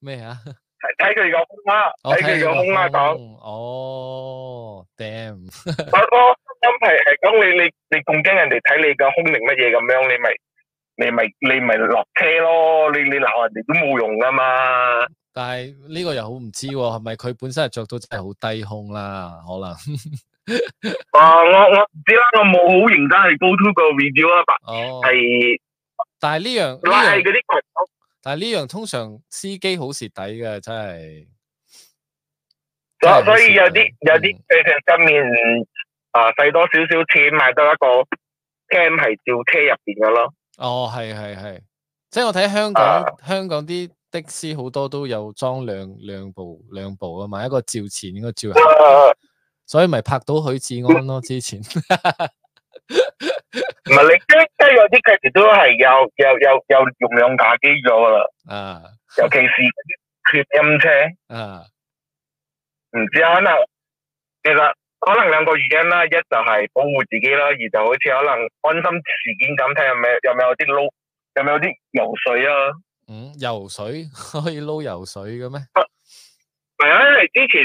咩吓？睇睇佢個胸啦，睇佢個胸啦，講哦，Damn！我哥真係係講你你你咁驚人哋睇你個胸定乜嘢咁樣，你咪。你咪你咪落車咯，你你鬧人哋都冇用噶嘛。但係呢個又好唔知、啊，係咪佢本身係着到真係好低胸啦？可能。哦、 uh，我我唔知啦，我冇認真去 go to 個 video 啊，白哦係。但係呢、這個這個、樣，但係啲、這個，但係呢樣通常司機好蝕底嘅，真係。所所以有啲有啲誒，今年、嗯、啊，使多少少錢買得一個 cam 係照車入邊噶咯。哦，係係係，即係我睇香港、啊、香港啲的，的士好多都有裝兩兩部兩部啊，嘛，買一個照前，一個照後，啊、所以咪拍到許志安咯、嗯、之前。唔 係你有都有啲計時都係有有有有容量架機咗噶啦，啊，尤其是啲缺音車，啊，唔知啊可能。你話。可能兩個原因啦，一就係保護自己啦，二就好似可能安心事件咁睇，有咪有咪有啲撈有咪有啲油水啊？嗯，游水可以撈游水嘅咩？係啊，因為之前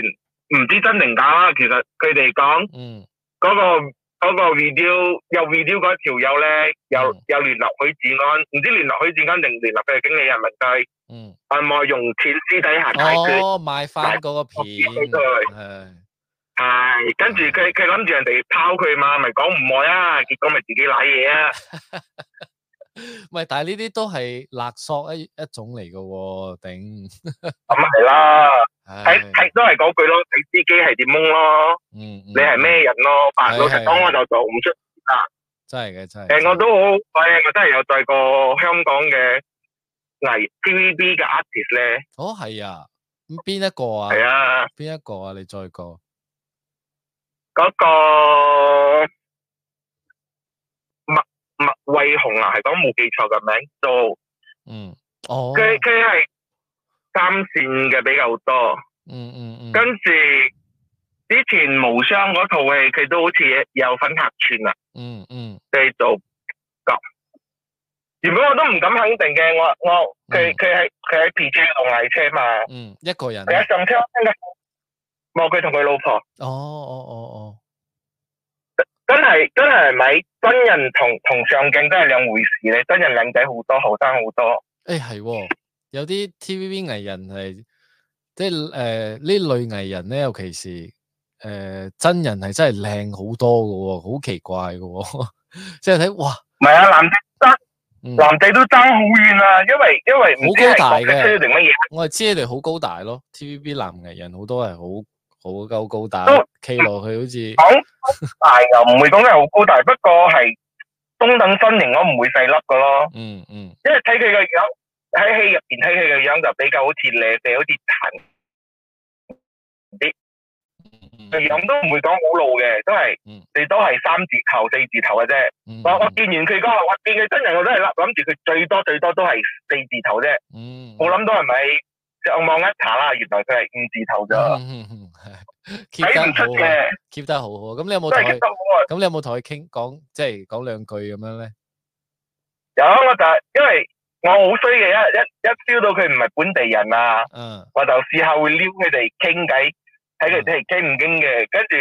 唔知真定假啦，其實佢哋講，嗯，嗰、嗰個、嗰個 video 有 video 嗰條友咧，又又聯絡許志安，唔知聯絡許志安定聯絡佢嘅經理人嚟計，嗯，係咪用錢私底下買佢買翻嗰個片？係。的係，跟住佢佢諗住人哋拋佢嘛，咪講唔愛啊，結果咪自己瀨嘢啊。喂，但係呢啲都係勒索一一種嚟嘅，頂咁係啦。係係都係講句咯，你司機係點懵咯？嗯，你係咩人咯？白老實講我就做唔出啦。真係嘅真係。誒，我都好，我真係有載過香港嘅藝 TVB 嘅 artist 咧。哦，係啊，咁邊一個啊？係啊，邊一個啊？你載過？嗰個麥麥衛雄啊，係講冇記錯嘅名，做，嗯，佢佢係三線嘅比較多，嗯嗯嗯，跟住之前無雙嗰套戲，佢都好似有份客串啊。嗯嗯，佢做角，原本我都唔敢肯定嘅，我我佢佢係佢係皮車同泥車嘛，嗯，一個人，有上車。冇佢同佢老婆。哦哦哦哦，真係真係咪真人同同上鏡都係兩回事，咧？真人靚仔好多，後生好多。誒係、哎哦，有啲 T V B 藝人係即係誒、呃、呢類藝人咧，尤其是誒、呃、真人係真係靚好多噶，好奇怪噶， 即係睇哇。唔係啊，男地、嗯、男地都爭好遠啊，因為因為好高大嘅，我係知你哋好高大咯。T V B 男藝人好多係好。好夠高大，企落去好似講大又唔會講得好高大，不過係中等身形，我唔會細粒噶咯。嗯嗯，因為睇佢個樣，喺戲入邊睇佢個樣就比較好似靚仔，好似殘啲。嗯嗯，咁都唔會講好老嘅，都係你都係三字頭、四字頭嘅啫。我、嗯、我見完佢嗰、那個，我見佢真人，我都係諗諗住佢最多最多都係四字頭啫。嗯、我冇諗到係咪上網一查啦，原來佢係五字頭咗。keep 得好，keep 得好好。咁你有冇同佢？咁你有冇同佢傾講，即係講兩句咁樣咧？有啊，就係因為我好衰嘅，一一一 feel 到佢唔係本地人啊。嗯，我就試下會撩佢哋傾偈，睇佢哋傾唔傾嘅。跟住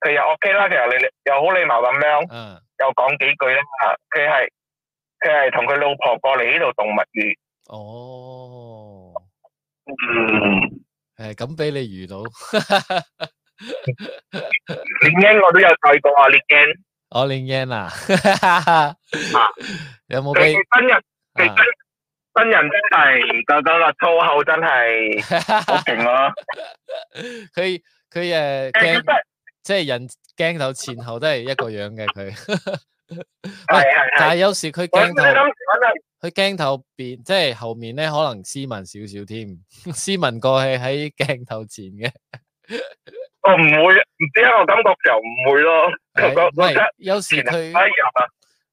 佢又 OK 啦，其實你又好禮貌咁樣。嗯，又講幾句啦。佢係佢係同佢老婆過嚟呢度動物園。哦，嗯。誒，咁俾你遇到，練音我都有睇過啊，練音，我練音啊，有冇俾新人？新人真係嗰嗰個粗口真係好勁咯，佢佢誒，鏡即係人鏡頭前後都係一個樣嘅佢，係啊，但係有時佢鏡。佢鏡頭邊即係後面咧，可能斯文少少添，斯文過去喺鏡頭前嘅。我唔會，唔知啊，我感覺又唔會咯。哎、可可喂，呃、有時佢啊。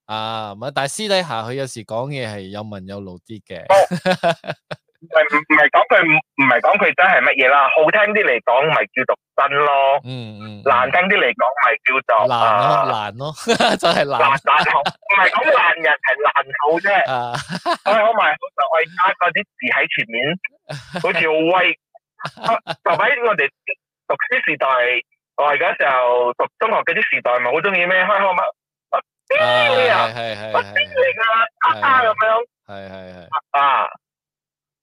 啊，唔係，但係私底下佢有時講嘢係有文有路啲嘅。哦 係唔係講佢唔唔係講佢真係乜嘢啦？好聽啲嚟講，咪叫做真咯。嗯嗯。難聽啲嚟講，咪叫做難難咯，真係難難口。唔係講難人，係難好啫。啊，我唔係就係加嗰啲字喺前面，好似威。就喺我哋讀書時代，我而家時候讀中學嗰啲時代，咪好中意咩開開麥，啊，啊，啊，咁樣，係係係啊。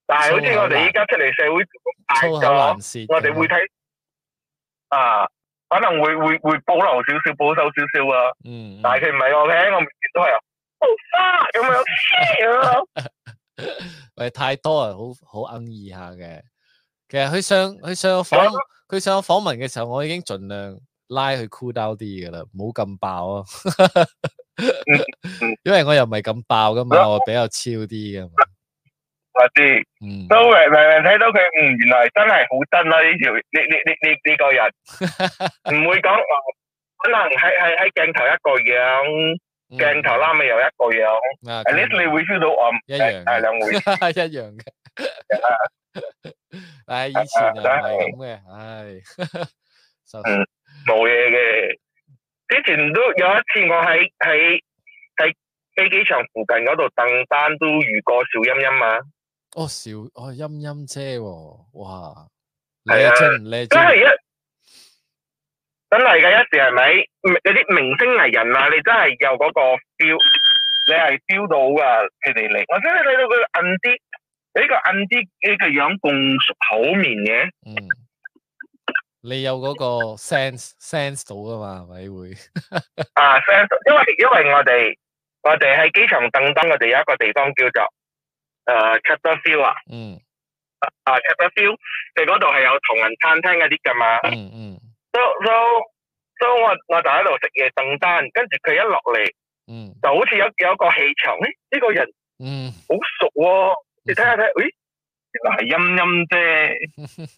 但係好似我哋依家出嚟社會大咗，我哋會睇啊，可能會會會保留少少，保守少少啊。嗯，但係佢唔係我嘅，我唔知都係啊。Oh fuck！咁樣，喂，太多人，好好恩義下嘅。其實佢上佢上訪佢上訪問嘅時候，我已經盡量拉佢 cool down 啲噶啦，唔好咁爆啊。嗯嗯，因為我又唔係咁爆噶嘛，我比較超啲噶嘛。我知，都明明睇到佢，嗯，原來真係好真啦！呢條呢呢呢呢呢個人，唔會講話，可能喺喺喺鏡頭一個樣，鏡頭啦咪又一個樣。啊，至少你會 feel 到我一樣係兩會一樣嘅。唉，以前就唔係咁嘅，唉，就冇嘢嘅。之前都有一次，我喺喺喺飛機場附近嗰度等單，都遇過邵音音啊。哦少哦陰陰遮喎，哇！係啊，真係一真係嘅一時係咪？你啲明星藝人啊，你真係有嗰個 feel，你係 feel 到噶，佢哋嚟。或者你睇到佢個暗啲，你個暗啲，你個樣共好面嘅。嗯，你有嗰個 sense sense 到噶嘛？咪會。啊，sense，因為因為我哋我哋喺機場等等，我哋有一個地方叫做。誒，Chapter Two 啊，嗯，啊，Chapter Two，佢嗰度係有同人餐廳嗰啲㗎嘛？嗯嗯，so so so，我我喺度食嘢等單，跟住佢一落嚟，嗯，就好似有有一個氣場，誒，呢個人，嗯，好熟，你睇下睇，咦，原來係陰陰啫，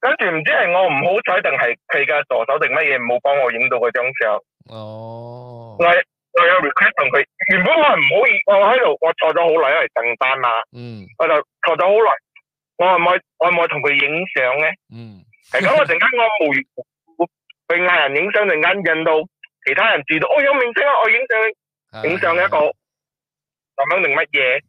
跟住唔知係我唔好彩定係佢嘅助手定乜嘢，冇幫我影到佢張相，哦，嚟。我有 request 同佢，原本我係唔好意思，我喺度，我坐咗好耐因為訂單啦。嗯。我就坐咗好耐，我係咪我係咪同佢影相咧？嗯。係咁，我陣間我無語，被嗌人影相，陣間印到其他人知道，我有面相啊！我影相，影相嘅一個咁樣定乜嘢？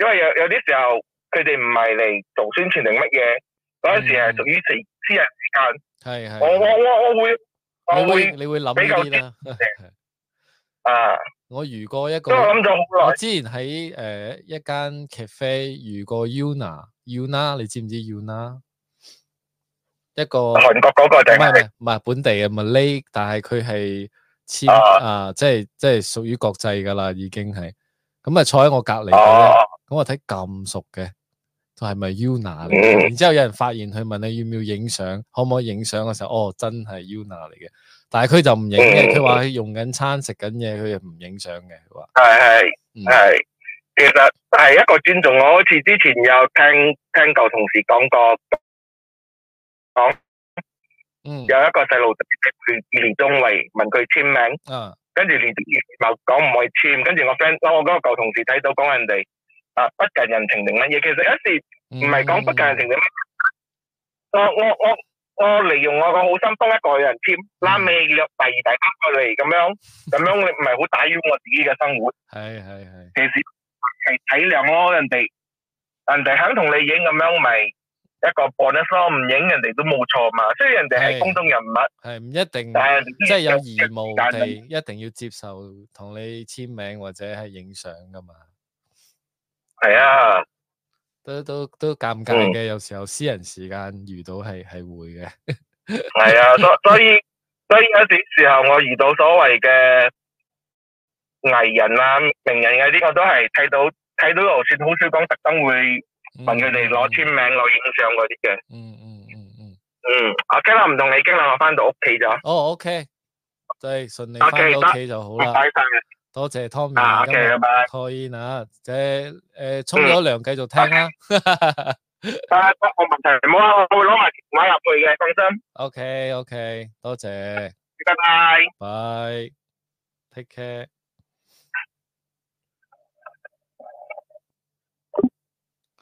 因為有有啲時候佢哋唔係嚟做宣傳定乜嘢，嗰陣時係屬於私私人時間。係係。我我我我會，我會，你會諗啲啦。啊！我遇過一個我之前喺誒、呃、一間咖啡遇過 Yuna，Yuna 你知唔知 Yuna？一個韓國嗰個定係唔係本地嘅？唔係，Malay，但係佢係簽啊，即係即係屬於國際噶啦，已經係咁啊，坐喺我隔籬嘅，咁、uh, 我睇咁熟嘅，佢係咪 Yuna 嚟？嗯、然之後有人發現佢問你要唔要影相，可唔可以影相嘅時候，哦，真係 Yuna 嚟嘅。但係佢就唔影嘅，佢話佢用緊餐食緊嘢，佢又唔影相嘅，佢話係係係，其實係一個尊重。我好似之前有聽聽舊同事講過，講有一個細路仔佢連中圍問佢簽名，跟住連連茂就講唔可以簽，跟住我 friend 我嗰個舊同事睇到講人哋啊不近人情定乜嘢，其實一時唔係講不近人情嘅咩，我我我。我利用我個好心幫一個人簽，拉尾約第二、第三個嚟咁樣，咁樣唔係好打擾我自己嘅生活。係係係，其實係體諒咯，人哋人哋肯同你影咁樣，咪一個 bonus，唔影人哋都冇錯嘛。雖然人哋係公眾人物，係唔一定即係有義務但係一定要接受同你簽名或者係影相噶嘛。係啊。都都都尷尬嘅，嗯、有時候私人時間遇到係係會嘅，係 啊，所以所以所以有啲時候我遇到所謂嘅藝人啊、名人嗰啲，我都係睇到睇到羅雪好少講，特登會問佢哋攞簽名、攞影相嗰啲嘅。嗯嗯嗯嗯，嗯，阿 Kelly 唔同你 Kelly 我翻到屋企咗。哦、oh，OK，即係順利翻到屋企就好啦。多謝 Tom 啊，OK，拜拜。call in 啊，即係誒，沖咗涼繼續聽啦。但係我問題唔好啦，我會攞埋電話入去嘅，放心。OK，OK，多謝。拜拜。拜。Take care。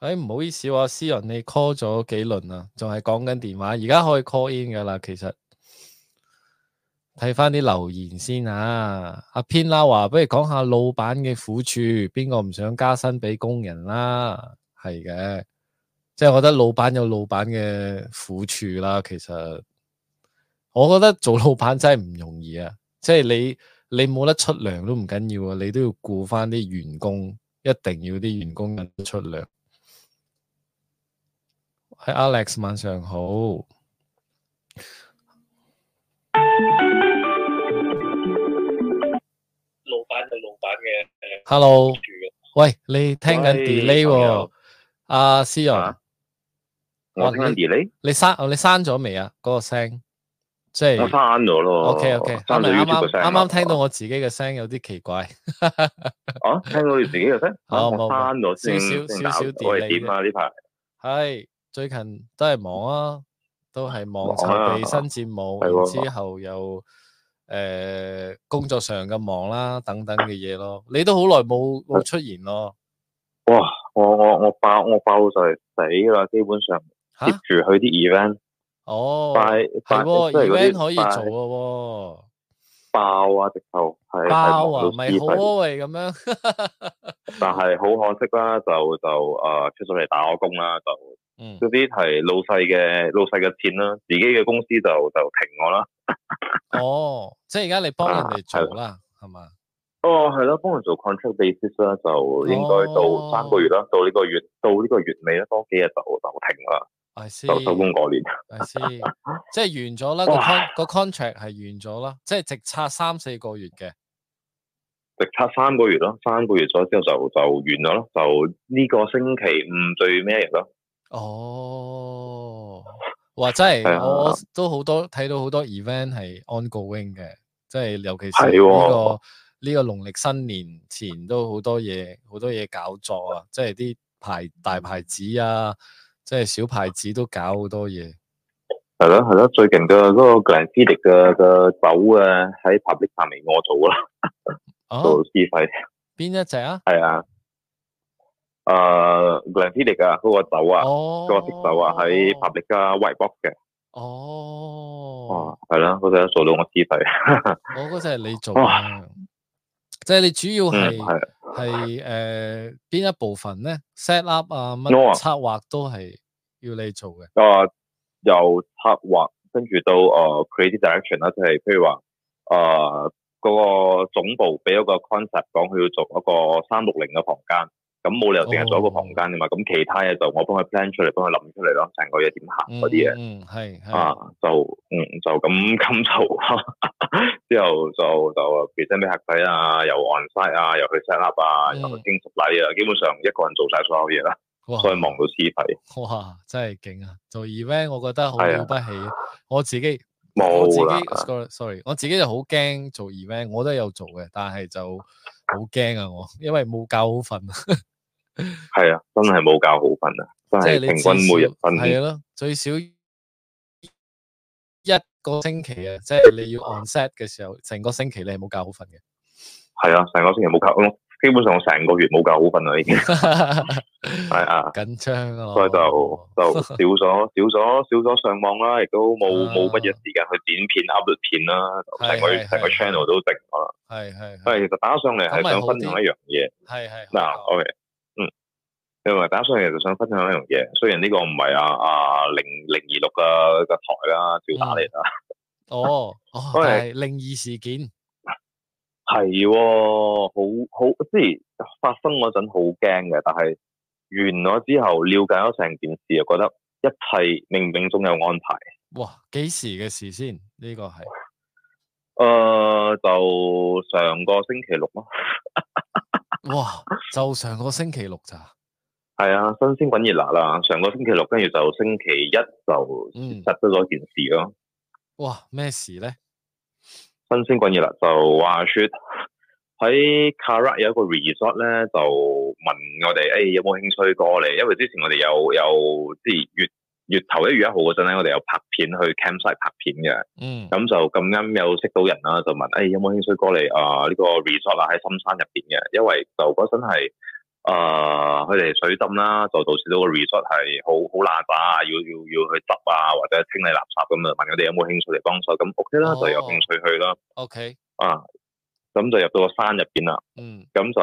誒，唔好意思喎，私人你 call 咗幾輪啦，仲係講緊電話，而家可以 call in 噶啦，其實。睇翻啲留言先啊。阿偏啦話，不如講下老闆嘅苦處。邊個唔想加薪俾工人啦，啊？係嘅，即係我覺得老闆有老闆嘅苦處啦。其實我覺得做老闆真係唔容易啊！即係你你冇得出糧都唔緊要啊，你都要顧翻啲員工，一定要啲員工出糧。係 Alex，晚上好。 hello，喂，你聽緊 delay？阿 Sir，我聽緊 delay。你刪，你刪咗未啊？嗰個聲，即係我刪咗咯。OK，OK，啱啱啱啱聽到我自己嘅聲有啲奇怪。啊，聽到你自己嘅聲，我刪咗先，少少少少 delay 啊！呢排係最近都係忙啊，都係忙。啊，籌備新節目之後又。誒、呃，工作上嘅忙啦，等等嘅嘢咯，你都好耐冇冇出現咯。哇，我我我爆我爆就係死啦，基本上接住佢啲 event 是。哦，係吧 event 可以做嘅喎，爆啊直頭，爆啊唔係好咁樣。是是 但係好可惜啦，就就誒出咗嚟打我工啦，就嗰啲係老細嘅老細嘅錢啦，自己嘅公司就就停我啦。哦，即係而家你幫人哋做啦，係嘛、啊？吧哦，係咯，幫人做 contract basis 啦，就應該到三個月啦，哦、到呢個月，到呢個月尾啦，多幾日就就停啦，就收工過年。係，即係完咗啦，個個 contract 係完咗啦，即係直插三四個月嘅，直插三個月咯，三個月咗之後就就完咗咯，就呢個星期五最尾一日咯。哦。哇！真係、啊、我都好多睇到好多 event 係 on-going 嘅，即係尤其是呢、呢個呢、啊、個農曆新年前都好多嘢，好多嘢搞作啊！即係啲牌大牌子啊，即係小牌子都搞好多嘢。係咯，係咯，最近嘅嗰個格蘭仕嘅嘅酒我做 西啊，喺拍啲拍面卧組啦，做試費。邊一隻啊？係啊！誒，兩批力啊，嗰個酒啊，嗰、oh, 個食酒啊，喺帕 p 加 white box 嘅。哦，哦，係咯，嗰時都少咗我啲費。我嗰隻係你做嘅，即係、啊、你主要係係誒邊一部分咧 set up 啊，乜策劃都係要你做嘅。啊，uh, 由策劃跟住到誒、uh, create direction 啦，即係譬如話誒嗰個總部俾一個 concept 講，佢要做一個三六零嘅房間。咁冇理由淨係做一個房間噶嘛，咁、哦嗯、其他嘢就我幫佢 plan 出嚟，幫佢諗出嚟咯，成個嘢點行嗰啲嘢，嗯嗯、啊，就嗯就咁斟籌， 之後就就 design 啲客仔啊，又按晒啊，site，又去 set up 啊、嗯，又去清禮啊，基本上一個人做晒所有嘢啦，哇，所以忙到死肺，哇，真係勁啊！做 event 我覺得好了不起、啊，啊、我自己冇啦，sorry，我自己就好驚做 event，我都有做嘅，但係就。好驚啊！我因為冇教好瞓啊，係啊，真係冇教好瞓啊，即係你平均每日瞓係咯，最少一個星期啊，即係你要 on set 嘅時候，成 個星期你係冇教好瞓嘅，係啊，成個星期冇教好咯。嗯基本上成個月冇夠好瞓啦，已經係啊，緊張囉，所以就就少咗少咗少咗上網啦，亦都冇冇乜嘢時間去剪片 up 片啦，成個成個 channel 都定咗啦。係係，但係其實打上嚟係想分享一樣嘢。係係嗱，OK，嗯，因為打上嚟就想分享一樣嘢，雖然呢個唔係阿阿零零二六嘅個台啦，照打嚟啦、嗯。哦、嗯、哦，係靈異事件。係，好好即係發生嗰陣好驚嘅，但係完咗之後了解咗成件事，又覺得一切冥冥中有安排。哇！幾時嘅事先？呢、這個係，誒、呃，就上個星期六咯。 哇！就上個星期六咋？係啊，新鮮滾熱辣啦！上個星期六，跟住就星期一就發咗、嗯、件事咯。哇！咩事咧？新鮮滾熱啦，就話說喺 Karak 有一個 resort 咧，就問我哋誒、哎、有冇興趣過嚟？因為之前我哋有有即係月月頭一月一號嗰陣咧，我哋有拍片去 campsite 拍片嘅，咁、嗯、就咁啱有識到人啦，就問誒、哎、有冇興趣過嚟啊呢、這個 resort 啊喺深山入邊嘅，因為就嗰陣係。誒，佢哋、uh, 水浸啦，就導致到，時到個 resort 係好好爛雜，要要要去執啊，或者清理垃圾咁啊，問佢哋有冇興趣嚟幫手咁，OK 啦，哦、就有興趣去啦。OK。啊，咁就入到個山入邊啦。嗯。咁就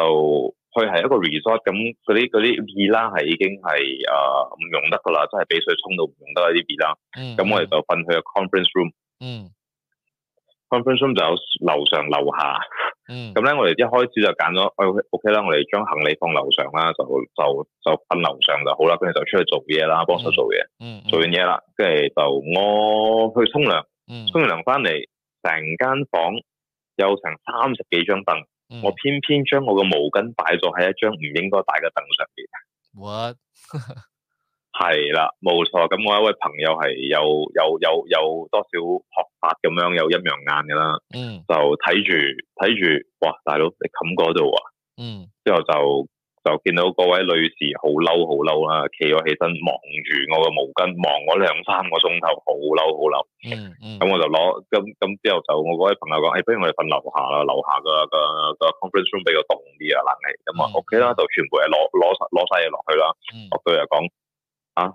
佢係一個 resort，咁嗰啲嗰啲 villa 啦係已經係誒唔用得噶啦，即係俾水沖到唔用得嗰啲 villa 啦。l 咁我哋就瞓佢個 conference room。嗯。分分鐘就有樓上樓下，咁咧、嗯、我哋一開始就揀咗，O K 啦，我哋將行李放樓上啦，就就就瞓樓上就好啦，跟住就出去做嘢啦，幫手做嘢、嗯，嗯，做完嘢啦，跟住就我去沖涼，嗯，沖完涼翻嚟，成間房有成三十幾張凳，我偏偏將我個毛巾擺咗喺一張唔應該擺嘅凳上邊，what？ 係啦，冇錯。咁我一位朋友係有有有有多少學法咁樣，有陰陽眼嘅啦，mm. 就睇住睇住，哇！大佬你冚嗰度啊，mm. 之後就就見到嗰位女士好嬲好嬲啦，企咗起身望住我個毛巾，望咗兩三個鐘頭，好嬲好嬲。咁、mm. mm. 我就攞咁咁之後就我嗰位朋友講，誒、欸，不如我哋瞓樓下啦，樓下嘅嘅嘅 conference room 比較凍啲啊，冷氣咁啊，OK 啦，嗯嗯、就，就全部係攞攞晒攞晒嘢落去啦。我對佢講。啊！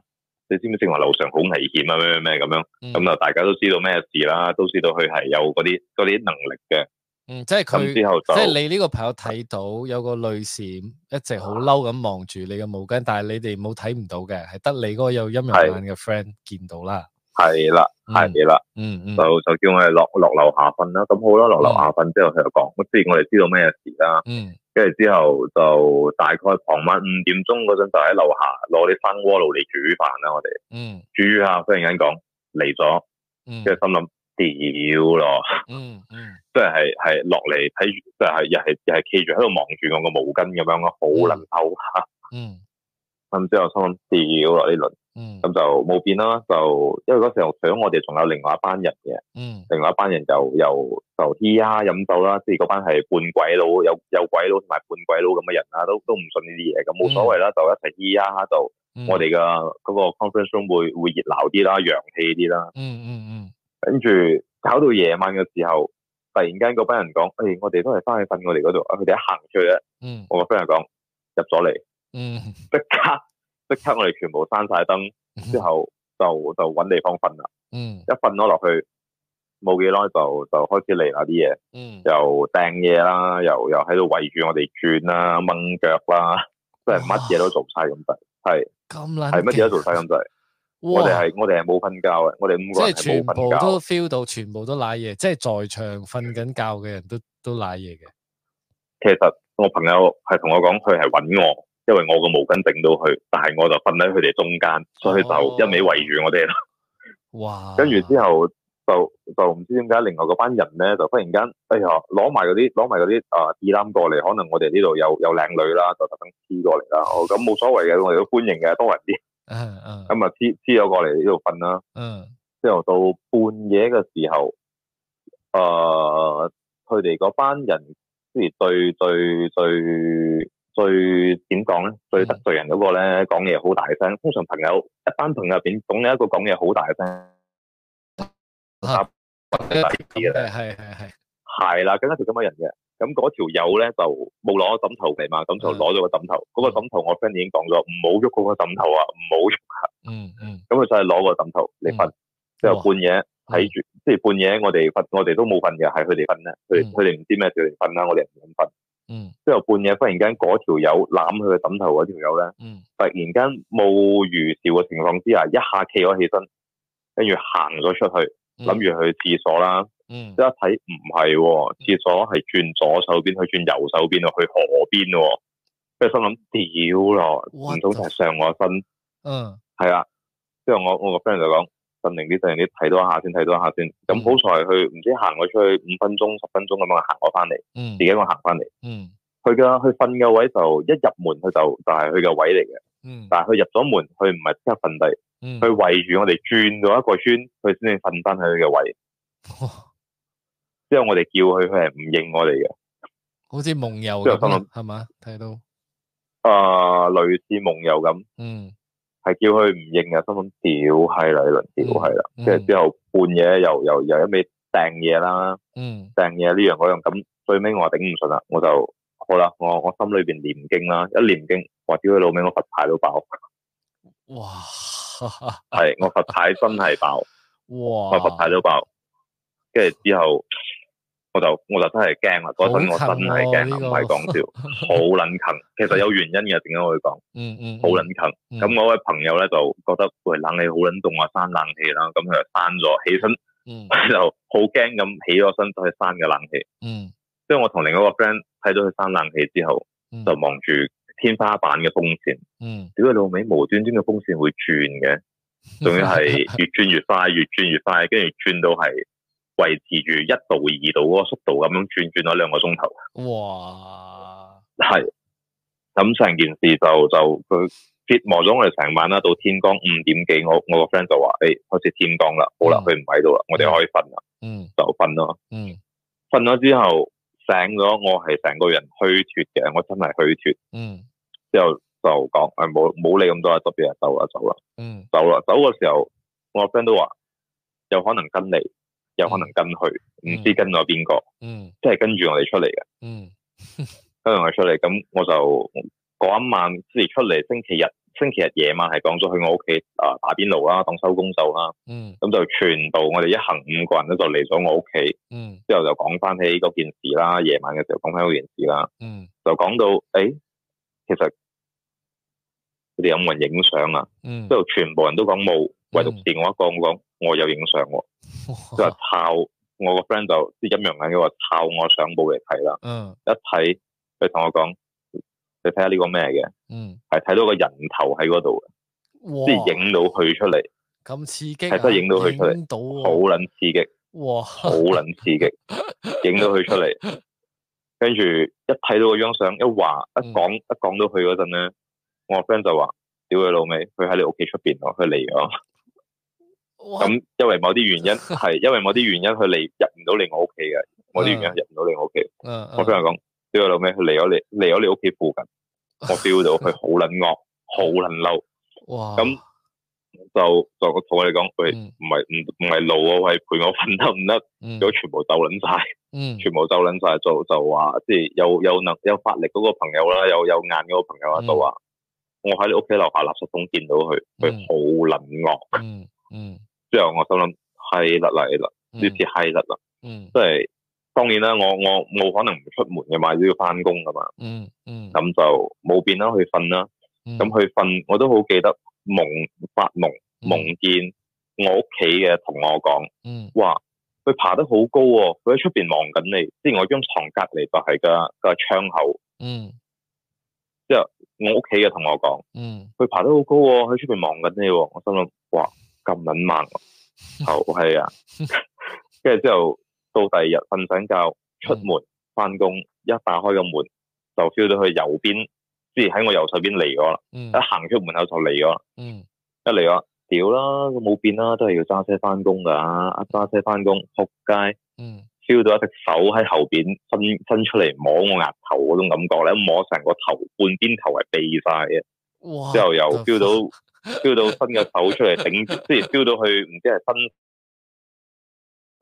你知唔知話樓上好危險啊？咩咩咩咁樣，咁啊大家都知道咩事啦，都知道佢係有嗰啲嗰啲能力嘅。嗯，即係佢，之後就即係你呢個朋友睇到有個女士一直好嬲咁望住你嘅毛巾，但係你哋冇睇唔到嘅，係得你嗰個有陰陽眼嘅 friend 的見到啦。係啦，係啦，嗯嗯，就就叫我哋落落樓下瞓啦，咁好啦，落樓下瞓之後佢就講，我知我哋知道咩事啦，嗯，跟住之、之後就大概傍晚五點鐘嗰陣就喺樓下攞啲生鍋爐嚟煮飯啦，我哋、嗯嗯，嗯，煮、 就是、下忽然間講嚟咗，跟住心諗屌咯，嗯嗯，即係係落嚟睇住，即係又係又係企住喺度望住我個毛巾咁樣，好難口下、嗯，嗯，咁、嗯、之 後心諗屌咯呢輪。嗯，咁就冇變啦，就因為嗰時候除咗我哋，仲有另外一班人嘅，嗯，另外一班人就又就咿呀飲酒啦，即係嗰班係半鬼佬，有有鬼佬同埋半鬼佬咁嘅人啊，都都唔信呢啲嘢，咁冇所謂啦，就一齊咿呀下。就我哋嘅嗰個 conference room 會會熱鬧啲啦，陽氣啲啦，嗯嗯嗯，跟住搞到夜晚嘅時候，突然間嗰班人講，誒，我哋都係翻去瞓我哋嗰度，啊，佢哋一行出去啦，嗯，我個 friend 講入咗嚟，嗯，即刻。即刻我哋全部閂晒燈，之後就就搵地方瞓啦。嗯、一瞓咗落去，冇幾耐就就開始嚟啦，啲嘢，又掟嘢啦，又又喺度圍住我哋轉啦，掹腳啦，即係乜嘢都做晒咁滯，係咁難，係乜嘢都做晒咁滯。我哋係我哋係冇瞓覺嘅，我哋五個人係冇瞓覺。即係全部都 feel 到，全部都瀨嘢，即係在場瞓緊覺嘅人都都瀨嘢嘅。其實我朋友係同我講，佢係搵我。因為我個毛巾整到去，但係我就瞓喺佢哋中間，所以就一味圍住我哋咯。哇、哦！跟住之後就就唔知點解，另外嗰班人咧就忽然間，哎攞埋嗰啲攞埋嗰啲啊地氈過嚟，可能我哋呢度有有靚女啦，就特登黐過嚟啦。咁冇所謂嘅，我哋都歡迎嘅，多人啲。咁啊，黐黐咗過嚟呢度瞓啦。嗯，嗯，嗯啦。之後到半夜嘅時候，誒、呃，佢哋嗰班人即係最最最。最最最最最最點講咧？最得罪人嗰個咧，講嘢好大聲。通常朋友一班朋友入邊，總有一個講嘢好大聲。啊，係係係係啦，更加就咁嘅人嘅。咁嗰條友咧就冇攞枕頭嚟嘛，咁就攞咗個枕頭。嗰個枕頭我 friend 已經講咗，唔好喐嗰個枕頭啊，唔好喐。嗯嗯。咁佢就係攞個枕頭嚟瞓，之後半夜睇住，即係半夜我哋瞓，我哋都冇瞓嘅，係佢哋瞓啦。佢佢哋唔知咩就嚟瞓啦，我哋唔想瞓。嗯，之後半夜忽然間嗰條友攬佢嘅枕頭嗰條友咧，嗯、突然間冇預兆嘅情況之下，一下企咗起身，跟住行咗出去，諗住去廁所啦，即係、嗯、一睇唔係廁所，係轉、啊、左手邊，去轉右手邊啊，去河邊啊，即係心諗屌咯，唔通就係上我身，嗯，係、嗯、啊，之後我我個 friend 就講。瞓完啲，瞓完啲，睇多一下先，睇多一下先。咁好彩，佢唔知行咗出去五分鐘、十分鐘咁樣行咗翻嚟，自己咁行翻嚟。嗯，佢嘅佢瞓嘅位就一入門佢就就係佢嘅位嚟嘅。嗯，但係佢入咗門，佢唔係即刻瞓低。佢圍住我哋轉咗一個圈，佢先至瞓翻喺佢嘅位。之、哦、 後我哋叫佢，佢係唔應我哋嘅，好似夢遊。之後登錄係嘛？睇到啊，類似夢遊咁。嗯。係叫佢唔認啊，心諗屌係啦，呢輪屌係啦，跟住、嗯、之後半夜又又又一味掟嘢啦，嗯，掟嘢呢樣嗰樣，咁最尾我話頂唔順啦，我就好啦，我我心裏邊念經啦，一念經話屌佢老味我佛牌都爆，哇，係我佛牌真係爆，哇，我佛牌哇都爆，跟住之後。我就我就真係驚啦，嗰陣我真係驚，唔係講笑，好撚近，其實有原因嘅，點解我會講？嗯嗯，好撚近。咁我位朋友咧就覺得，喂冷氣好冷凍啊，閂冷氣啦，咁佢就閂咗，起身，就好驚咁起咗身就去閂嘅冷氣。嗯，即係我同另外一個 friend 睇到佢閂冷氣之後，就望住天花板嘅風扇。嗯，屌佢老尾無端端嘅風扇會轉嘅？仲要係越轉越快，越轉越快，跟住轉到係。維持住一度二度嗰個速度咁樣轉轉咗兩個鐘頭。哇！係咁成件事就就佢折磨咗我哋成晚啦，到天光五點幾，我我個 friend 就話：，誒，開始天光啦，好啦，佢唔喺度啦，我哋可以瞓啦。嗯，就瞓咯。嗯，瞓咗之後醒咗，我係成個人虛脫嘅，我真係虛脫。嗯，之後就講：，誒，冇冇理咁多，特別人走啊，走啦。嗯，走啦，走嘅時候，我個 friend 都話有可能跟你。有 可能跟去，唔知跟咗邊個，嗯，即 係樂跟住我哋出嚟嘅，嗯，跟 住樂我哋出嚟，咁我就嗰一、那個、晚即係出嚟星期日，星期日夜晚係講咗去我屋企啊打邊爐啦，當收工走啦，嗯，咁 就全部我哋一行五個人咧就嚟咗我屋企，嗯，之 後就講翻起嗰件事啦，夜晚嘅時候講翻嗰件事啦，嗯， 就講到誒、欸，其實。你有冇人影相啊，之後全部人都講冇，唯獨剩我一個冇講。我有影相喎，佢話、嗯、靠我個 friend 就啲陰陽眼嘅話靠我相簿嚟睇啦。嗯、一睇佢同我講，你睇下呢個咩嘅？係睇、嗯、到個人頭喺嗰度，即係影到佢出嚟。咁刺激係真係影到佢出嚟，好撚刺激，哇！好 撚刺激，影到佢出嚟。跟住一睇到嗰張相，一話一講一講到佢嗰陣咧。我 friend 就話屌佢老味，佢喺你屋企出邊咯，佢嚟咗。咁 因為某啲原因，係因為某啲原因，佢嚟入唔到嚟我屋企嘅。某啲原因入唔到嚟我屋企。我 friend 就講，屌佢老味，佢嚟咗嚟嚟咗你屋企附近。我 feel 到佢好撚惡，好撚嬲。 惡惡惡惡哇！咁就就我同佢講，佢唔係唔唔係路啊，係陪我瞓得唔得？行行嗯、如果全部鬥撚晒，全部鬥撚晒，就就話即係有有能有發力嗰個朋友啦，有有硬嗰個朋友啊，就話。我喺你屋企樓下垃圾桶見到佢，佢好撚惡，嗯嗯，之後我心諗係甩係啦，呢次係啦，嗯，即係、嗯嗯、當然啦，我我我冇可能唔出門嘅嘛，都要翻工噶嘛，嗯嗯、咁、嗯、就冇變啦，去瞓啦，咁、嗯、去瞓，我都好記得夢，發夢夢、嗯、見我屋企嘅同我講，嗯，哇，佢爬得好高哦，佢喺出邊望緊你，即係我張床隔籬就係個個窗口，嗯。嗯之後我屋企嘅同我講，佢、嗯、爬得好高，喺出邊望緊你，我心諗，哇咁撚猛，就係啊。跟住之後到第二日瞓醒覺，出門翻工，嗯、一打開個門就 feel 到佢右邊，即係喺我右手邊嚟咗啦。嗯、一行出門口就嚟咗啦，嗯、一嚟咗，屌啦，佢冇變啦，都係要揸車翻工噶，一、啊、揸車翻工撲街。feel 到一隻手喺後邊伸伸出嚟摸我額頭嗰種感覺咧，摸成個頭半邊頭係痹晒嘅，哇之後又 feel 到 feel 到伸個手出嚟頂，即係 feel 到去唔知係伸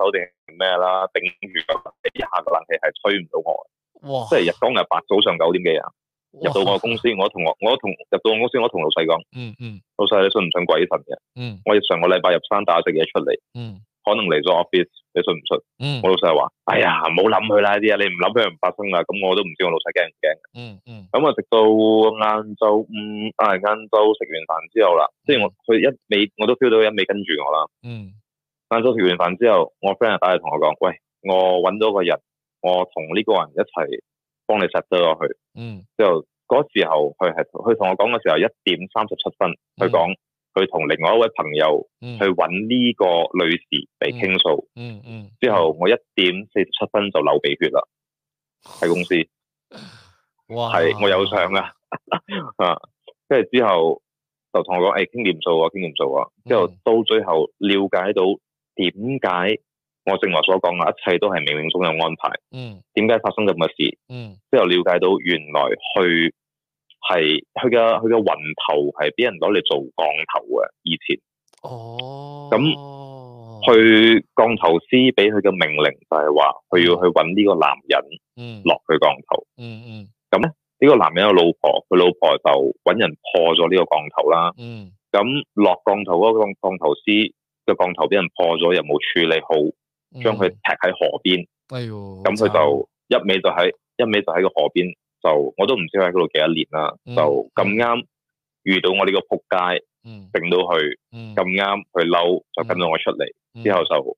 手定咩啦，頂住咁，一下個冷氣係吹唔到我，哇即係日光日白早上九點幾啊入到我公司，我同我我同入到我公司，我同老細講，嗯，嗯嗯，老細你信唔信鬼神嘅？嗯，我哋上個禮拜入山打隻嘢出嚟，嗯。可能嚟咗 office，你信唔信？嗯，我老細話：，哎呀，唔好諗佢啦啲啊，你唔諗佢唔發生啦。咁我都唔知我老細驚唔驚。嗯嗯。咁啊，直到晏晝五晏晝食完飯之後啦，即係我佢一味我都 feel 到一味跟住我啦。嗯。晏晝食完飯之後，我 friend 打嚟同我講：，喂，我搵到個人，我同呢個人一齊幫你 set 咗落去。嗯。之後嗰時候佢係佢同我講嘅時候，一點三十七分，佢講。去同另外一位朋友、嗯、去搵呢個女士嚟傾訴，嗯嗯嗯、之後我一點四十七分就流鼻血啦，喺公司，係嘩我有唱噶，啊嘩，跟住 之後就同我講，誒、欸，傾點數啊，傾點數啊，之後到最後了解到點解我正話所講嘅一切都係冥冥中有安排，嗯，點解發生咁嘅事，嗯，嗯，之後了解到原來去。係佢嘅佢嘅云頭係俾人攞嚟做降頭嘅以前。哦、oh. 嗯，咁去降頭師俾佢嘅命令就係話佢要去揾呢個男人,人個、mm. 嗯，嗯，落去降頭，嗯嗯。咁咧呢個男人嘅老婆，佢老婆就揾人破咗呢個降頭啦。嗯，咁落降頭嗰個降降頭師嘅降頭俾人破咗又冇處理好，將佢劈喺河邊。Mm hmm. mm hmm. 哎呦咁佢、嗯、就一味就，一味就喺一味就喺個河邊。就我都唔知喺度幾多年啦，就咁啱遇到我呢個仆街，定到佢咁啱去嬲，就跟咗我出嚟、嗯、之後就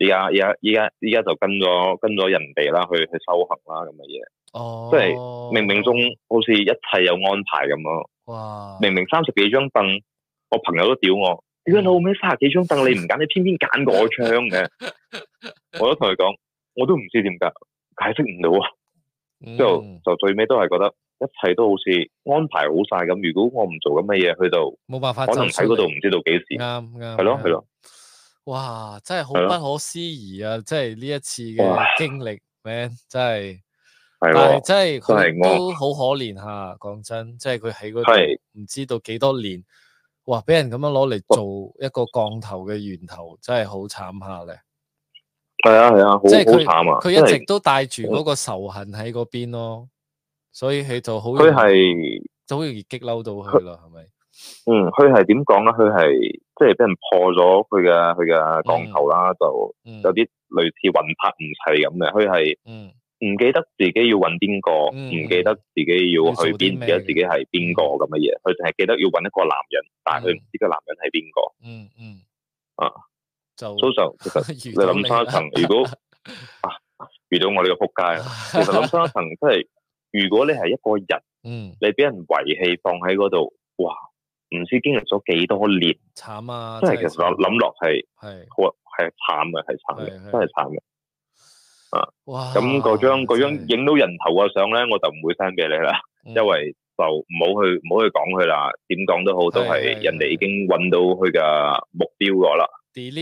而家而家依家依家就跟咗跟咗人哋啦去去修行啦咁嘅嘢，即係、哦即係、冥冥中好似一切有安排咁咯。哇！明明三十幾張凳，我朋友都屌我，點解後尾三十幾張凳你唔揀，你偏偏揀我搶嘅？ 我都同佢講，我都唔知點解，解釋唔到啊！之後就最尾都係覺得一切都好似安排好晒咁，如果我唔做咁嘅嘢，去到冇辦法，可能喺嗰度唔知道幾時，啱啱，係咯係咯，哇，真係好不可思議啊！即係呢一次嘅經歷，man，真係，但係真係都好可憐吓，講真，即係佢喺嗰度唔知道幾多年，哇，俾人咁樣攞嚟做一個降頭嘅源頭，真係好慘下咧。係啊係啊，好慘啊。佢一直都帶住嗰個仇恨喺嗰邊咯，所以佢就好佢係就好容易激嬲到佢咯，係咪？嗯，佢係點講啊？佢係即係俾人破咗佢嘅佢嘅降頭啦，就有啲類似魂魄唔齊咁嘅。佢係唔記得自己要搵邊個，唔記得自己要去邊，唔記得自己係邊個咁嘅嘢。佢淨係記得要搵一個男人，但係佢唔知個男人係邊個。嗯嗯啊。就，蘇 Sir，其實你諗深一層，如果啊遇到我呢個扑街啦，其實諗深一層，即係如果你係一個人， 你俾人遺棄放喺嗰度，哇，唔知經歷咗幾多年，慘啊！即係其實諗諗落係係，係慘嘅，係慘嘅，慘慘係係係真係慘嘅啊！咁嗰張嗰張影到人頭嘅相咧，我就唔會 send 俾你啦，嗯、因為就唔好去唔好去講佢啦，點講都好，都係人哋已經搵到佢嘅目標咗啦。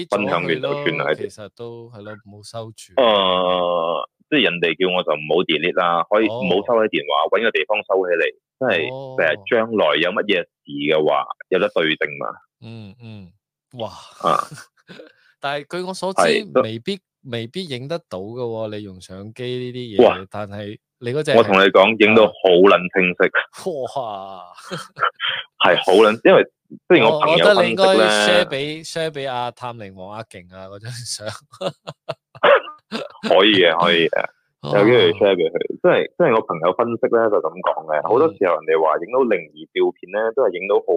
分享完就轉啦，其實都係咯，冇 收住。誒，uh, 即係人哋叫我就唔好 delete 啦，可以唔好、oh. 收喺電話，搵個地方收起嚟，oh. 即係誒將來有乜嘢事嘅話，有得對證嘛。嗯嗯，哇啊！但係據我所知，是未必。未必影得到㗎，你用相機呢啲嘢。嘩但係你嗰隻，我同你講，影到好撚清晰。哇！係好撚清晰，因為雖然我朋友分析咧，我覺得你應該，share 俾 share 俾阿探靈王阿勁啊嗰張相。可以嘅，可以嘅， 有機會 share 俾佢。即係即係我朋友分析咧就咁講嘅，好、嗯、多時候人哋話影到靈異照片咧，都係影到好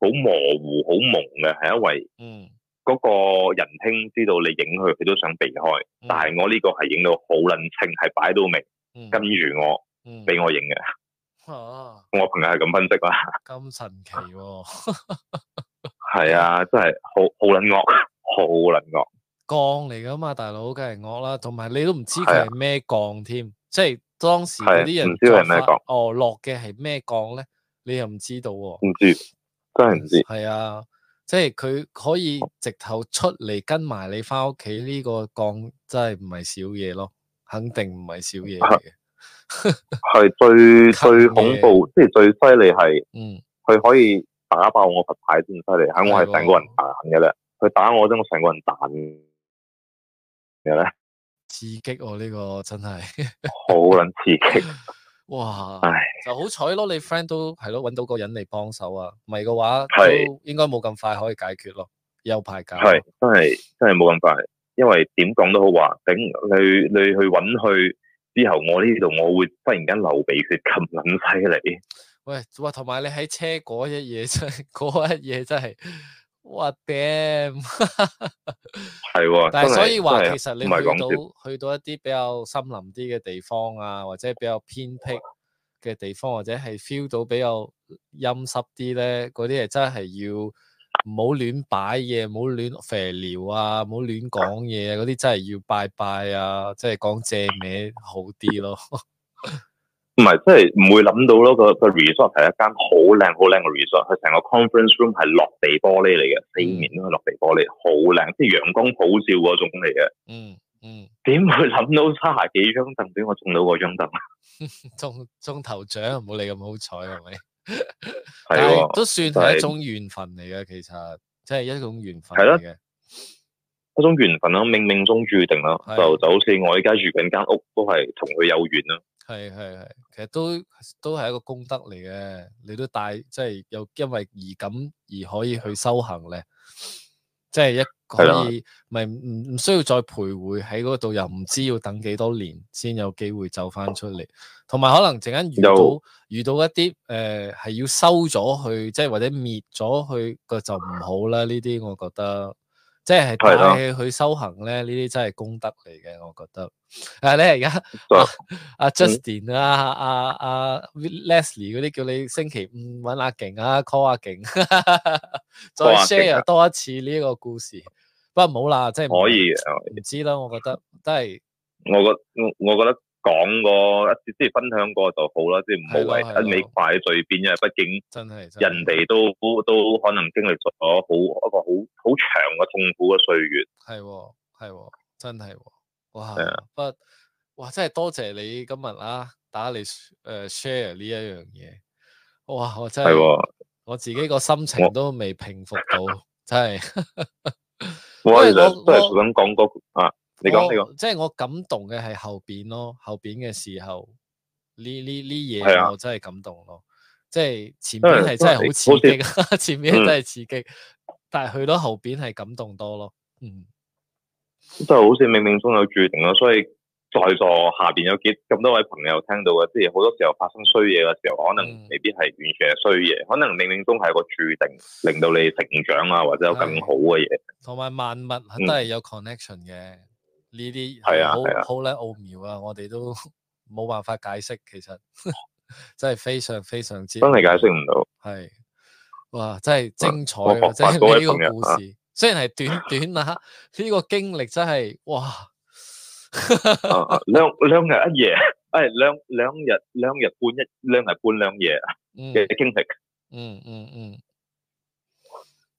好模糊、好蒙嘅，係因為嗯。嗰個人兄知道你影佢，佢都想避開。但係、嗯、我呢個係影到好撚清，係擺到明跟住我俾我影嘅。嗯嗯、我朋友係咁分析啦。咁神奇喎、喔！係啊，真係好好撚惡，好撚惡，降嚟噶嘛，大佬梗係惡啦。同埋你都唔知佢係咩降添，即係當時嗰啲人，人、哦、在發哦落嘅係咩降咧？你又唔知道唔知，真係唔知。係啊。即係佢可以直頭出嚟跟埋你翻屋企呢個降，真係唔係小嘢咯，肯定唔係小嘢嚟嘅，係最最恐怖，的即係最犀利係，佢、嗯、可以打爆我佛牌都咁犀利，吓我係等個人彈嘅咧，佢的打我都我成個人彈嘅咧，刺激我、啊、呢、這個真係好捻刺激。哇，唉就好彩咯！你 friend 都係咯，揾到個人嚟幫手啊，唔係嘅話是都應該冇咁快可以解決咯，有排搞，真係真係冇咁快，因為點講都好話，等你你去揾去，去之後，我呢度我會忽然間流鼻血，咁撚犀利。喂，哇，同埋你喺車嗰一嘢真，嗰一嘢真係。嘩 damn，係喎， 的但係是所以話，其實你去到去到一啲比較森林啲嘅地方啊，或者比較偏僻嘅地方，或者係 feel 到比較陰濕啲咧，嗰啲係真係要唔好亂擺嘢，唔好亂肥聊啊，唔好亂講嘢嗰啲真係要拜拜啊，即係講借名好啲咯。 唔係，即係唔會諗到咯。那個個 resort 係一間好靚、好靚嘅 resort 佢成個 conference room 係落地玻璃嚟嘅，四面都係落地玻璃，好靚，即係陽光普照嗰種嚟嘅、嗯。嗯嗯。點會諗到三十幾張凳俾我中到嗰張凳？中中頭獎，唔好理咁好彩，係咪？係 都、哦、算係一種緣分嚟嘅，其實即係一種緣分。係咯嘅，一種緣分啦、啊，命命中注定啦、啊，就的就好似我而家住緊間屋都、啊，都係同佢有緣啦。係係係，其實都都係一個功德嚟嘅，你都帶即係有因為而噉而可以去修行咧，即係一可以咪唔唔需要再徘徊喺嗰度，又唔知要等幾多年先有機會走翻出嚟，同埋、哦、可能陣間遇到有遇到一啲誒係要收咗去，即係或者滅咗去個就唔好啦，呢啲的我覺得。即係睇佢修行咧，呢啲真係功德嚟嘅，我覺得。誒、啊，你而家阿 Justin 啊、阿阿 Leslie 嗰啲叫你星期五揾阿勁啊，call 阿勁， 再 share 多一次呢一個故事。不過唔好啦，即係唔可以。唔知啦，我覺得都係。我覺我我覺得。講過，即係分享過就好啦，即係唔好為一味快聚變，因為畢竟人哋都的都可能經歷咗好一個好好長嘅痛苦嘅歲月。係，係，真係，哇，不，哇，真係多謝你今日啦，打你誒 share 呢一樣嘢，哇，我真係的我自己個心情都未平復到，真係。我哋都係想講個啊。我我你講，你講，即係我感動嘅係後邊咯，後邊嘅時候呢，呢呢嘢，我真係感動咯，的即係前邊係真係好刺激，的 前邊真係刺激，嗯、但係去到後邊係感動多咯，嗯，即係好似冥冥中有注定咯，所以在座下邊有幾咁多位朋友聽到嘅，即係好多時候發生衰嘢嘅時候，可能未必係完全係衰嘢，嗯、可能冥冥中係有個注定，令到你成長啊，或者有更好嘅嘢，同埋、嗯、萬物都係有 connection 嘅。呢啲係啊，係啊，好叻奧妙啊！我哋都冇辦法解釋，其實真係非常非常之真係解釋唔到。係哇，真係精彩，真係呢個故事，雖然係短短啊，呢個經歷真係哇，兩兩日一夜，誒，兩兩日兩日半一兩日半兩夜嘅經歷，嗯嗯嗯，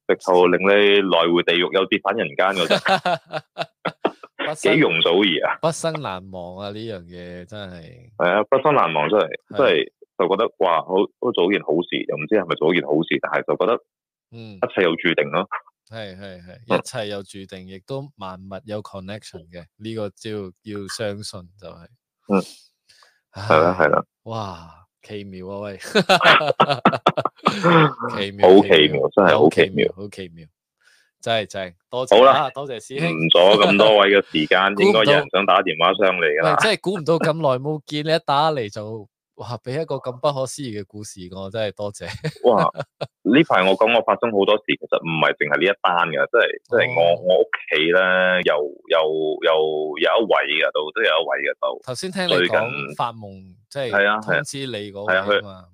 直頭令你來回地獄又跌返人間嗰隻。幾容祖兒啊！畢生難忘啊！呢樣嘢真係係啊！畢生難忘，真係真係就覺得哇，好好做一件好事，又唔知係咪做一件好事，但係就覺得嗯，一切有注定咯，啊。係係係，一切有注定，亦，嗯、都萬物有 connection 嘅。呢、這個要要相信就係、是、嗯，係啦係啦。啊啊啊，哇，奇妙啊喂， 奇妙， 好奇妙，真係好奇妙，奇妙好奇妙。真係真，多謝好啦了，多謝師兄。阻咗咁多位嘅時間， 應該有人想打電話上嚟噶啦。即係估唔到咁耐冇見你，你 一打嚟就哇，俾一個咁不可思議嘅故事，我真係多謝。 哇，呢排我講我發生好多事，其實唔係淨係呢一單噶，即係、哦、即係我我屋企咧，又又又，又有一位嘅度，都有一位嘅度。頭先聽你講近發夢，即係通知你嗰個啊，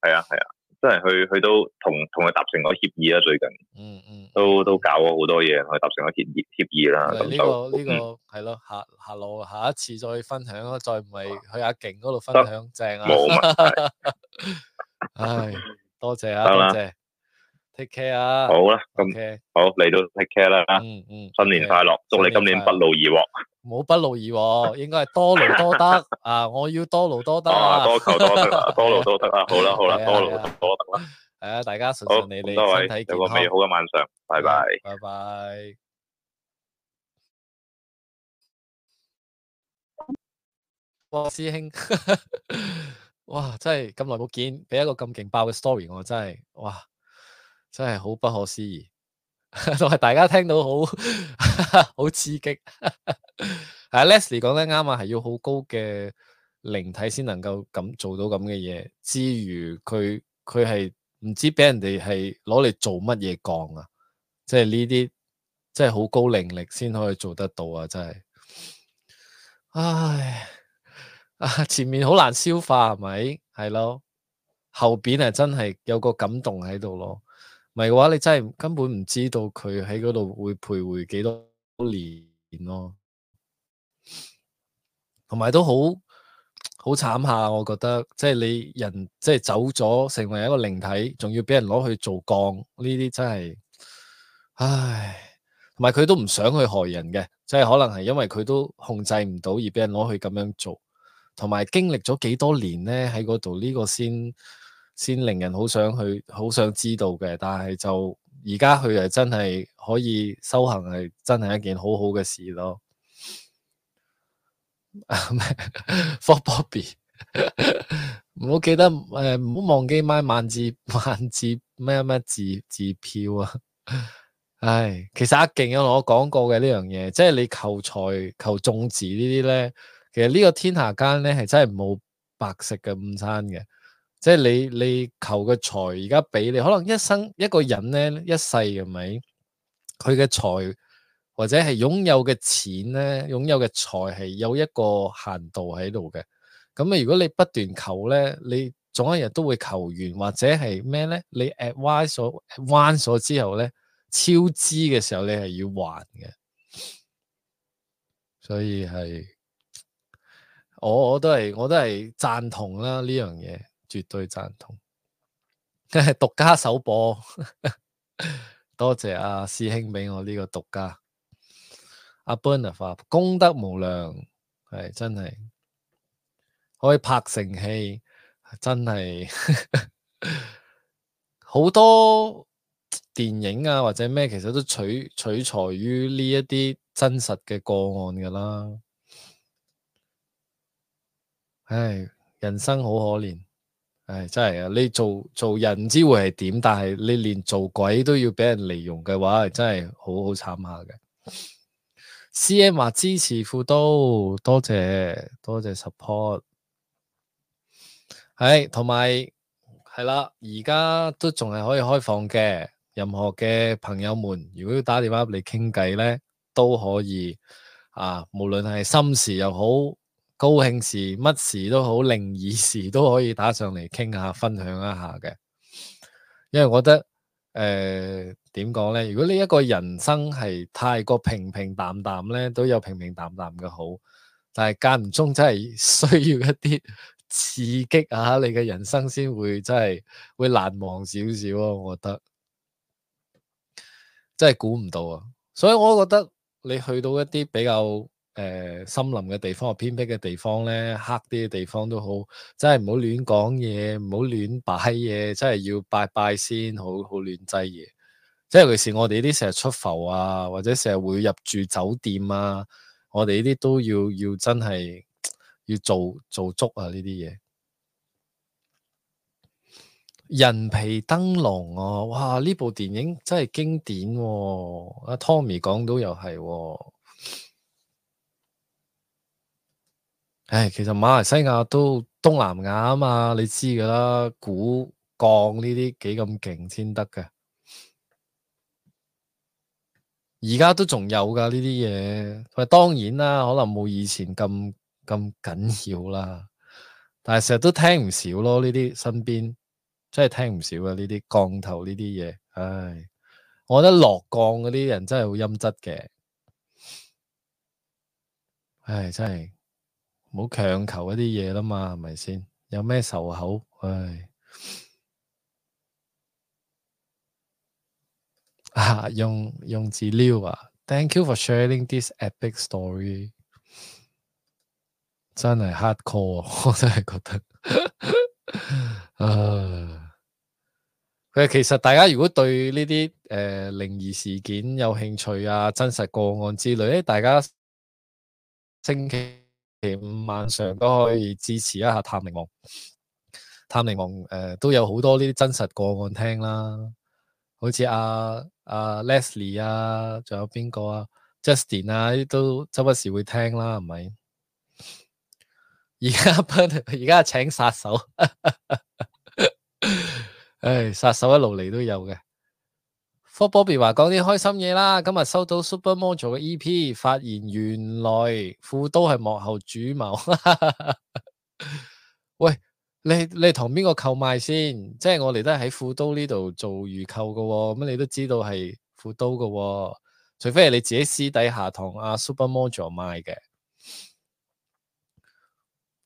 係啊係啊。真係佢佢都同同佢達成咗協議啦，最近，嗯嗯，都都搞咗好多嘢，佢達成咗協協議啦，咁就，嗯，係咯，下下路下一次再分享咯，再唔係去阿景嗰度分享正啊，冇嘛，唉，多謝啊，多謝，take care 啊，好啦，咁好嚟到 take care 啦，嗯嗯，新年快樂，祝你今年不勞而獲。冇不勞而獲，應該係多勞多得 啊！我要多勞多得，啊、多求多得，多勞多得啦、 啊！好啦，好啦，啊，多勞多得啦！係啊，大家順順你哋身體健康，有個美好嘅晚上，拜拜，啊、拜拜。 哇，師兄，哇，真係咁耐冇見，俾一個咁勁爆嘅 story，我真係，哇，真係好不可思議。就係 大家聽到好好 很刺激，係 Leslie 講得啱啊，係要好高嘅靈體先能夠咁做到咁嘅嘢，之餘佢佢係唔知俾人哋係攞嚟做乜嘢講啊，即係呢啲即係好高靈力先可以做得到啊，真係，唉，前面好難消化係咪？係咯，後邊係真係有個感動喺度咯。唔係嘅話，你真係根本唔知道佢喺嗰度會徘徊幾多年咯啊，同埋都好好慘下，我覺得即係你人即係走咗，成為一個靈體，仲要俾人攞去做杠，呢啲真係，唉，同埋佢都唔想去害人嘅，即係可能係因為佢都控制唔到而俾人攞去咁樣做，同埋經歷咗幾多年呢，喺嗰度呢個先。先令人好想去，好想知道嘅。但係就而家佢係真係可以修行，係真係一件好好嘅事咯。啊 For Bobby，唔 好記得誒，唔、呃、好忘記買萬字萬字咩咩字字票啊！ 唉，其實阿勁有同我講過嘅呢樣嘢，即、就、係、是、你求財、求種子呢啲咧，其實呢個天下間咧係真係冇白食嘅午餐嘅。即係你你求嘅財而家俾你，可能一生一個人咧，一世係咪？佢嘅財或者係擁有嘅錢咧，擁有嘅財係有一個限度喺度嘅。咁啊，如果你不斷求咧，你總有一日都會求完，或者係咩咧？你 at 彎咗彎咗之後咧，超支嘅時候你係要還嘅。所以係我我都係我都係贊同啦呢樣嘢。絕對贊同，梗係獨家首播， 多謝阿、啊、師兄畀我呢、這個獨家。阿 b o u n a 話功德無量，係真係可以拍成戲，真係好 多電影啊或者咩，其實都取取材於呢一啲真實嘅個案噶啦。 唉，人生好可憐。誒，真係啊！你做做人唔知會係點，但係你連做鬼都要畀人利用嘅話，真係好好慘下嘅。 C M 話支持副都，多謝多謝 support。係同埋係啦，而家都仲係可以開放嘅，任何嘅朋友們，如果要打電話嚟傾偈咧，都可以啊，無論係心事又好。高興時，乜事都好，靈異時都可以打上嚟，傾下，分享一下嘅。因為我覺得，誒、呃，點講咧？如果你一個人生係太過平平淡淡咧，都有平平淡淡嘅好。但係間唔中真係需要一啲刺激啊，你嘅人生先會真係會難忘少少啊！我覺得真係估唔到啊！所以我覺得你去到一啲比較誒、呃，森林嘅地方，偏僻嘅地方咧，黑啲嘅地方都好,真係唔好亂講嘢，唔好亂擺嘢，真係要拜拜先，好好亂擠嘢。即係尤其是我哋呢啲成日出埠啊，或者成日會入住酒店啊，我哋呢啲都要要真係要做做足啊呢啲嘢。人皮燈籠哦，哇！呢部電影真係經典啊。阿 Tommy 講到又係。唉、哎，其實馬來西亞都東南亞啊嘛，你知噶啦，蠱降呢啲幾咁勁先得嘅。而家都仲有噶呢啲嘢，咪當然啦，可能冇以前咁咁緊要啦。但係成日都聽唔少咯，呢啲身邊真係聽唔少㗎，呢啲降頭呢啲嘢。唉、哎，我覺得落降嗰啲人真係好陰質嘅。唉、哎，真係。唔好強求嗰啲嘢啦嘛，係咪先？有咩仇口？唉、啊、用用資料啊！Thank you for sharing this epic story。真係 hardcore，啊、我真係覺得啊。佢其實大家如果對呢啲誒靈異事件有興趣啊，真實個案之類咧，大家星期。星期五晚上都可以支持一下探靈王，探靈王誒、呃、都有好多呢啲真實個案聽啦，好似阿阿 Leslie 啊，仲有邊個啊 Justin 啊，都周不時會聽啦，係咪？而家而家請殺手、 哎，唉，殺手一路嚟都有嘅。For Bobby 話講啲開心嘢啦，今日收到 Super Mojo d 嘅 EP，發現原來副都係幕後主謀。 喂，你你同邊個購買先？即係我哋都係喺副都呢度做預購㗎，咁你都知道係副都㗎，除非係你自己私底下同阿、啊、Super Mojo d 買嘅。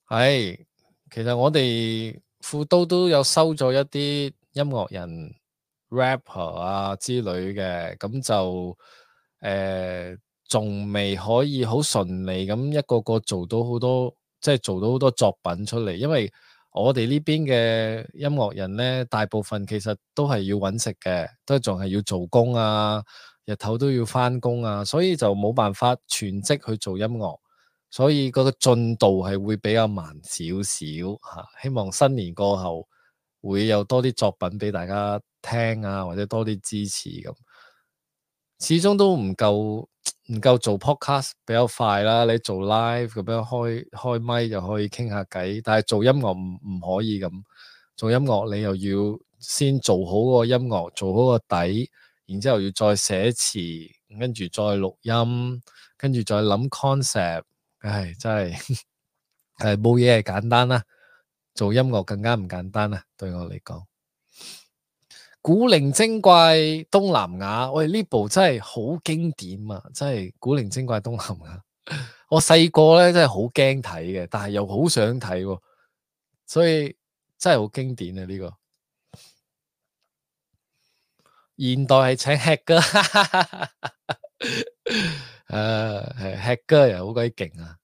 係、哎，其實我哋副都都有收咗一啲音樂人。rapper 啊之類嘅，咁就誒仲未可以好順利咁一個個做到好多，即係做到好多作品出嚟。因為我哋呢邊嘅音樂人咧，大部分其實都係要揾食嘅，都仲係要做工啊，日頭都要翻工啊，所以就冇辦法全職去做音樂，所以嗰個進度係會比較慢少少吓。希望新年過後。會有多啲作品畀大家聽啊，或者多啲支持咁。始終都唔夠唔夠做 podcast 比較快啦。你做 live 咁樣開開麥就可以傾下偈，但係做音樂唔唔可以咁。做音樂你又要先做好個音樂，做好個底，然之後要再寫詞，跟住再錄音，跟住再諗 concept。唉，真係誒冇嘢係簡單啦。做音樂更加唔簡單啦，對我嚟講，古靈精怪東南亞，喂，呢部真係好經典啊，真係古靈精怪東南亞。我細個咧真係好驚睇嘅，但係又好想睇喎，所以真係好經典啊呢、這個。現代係請吃哥，係係吃哥又好鬼勁啊！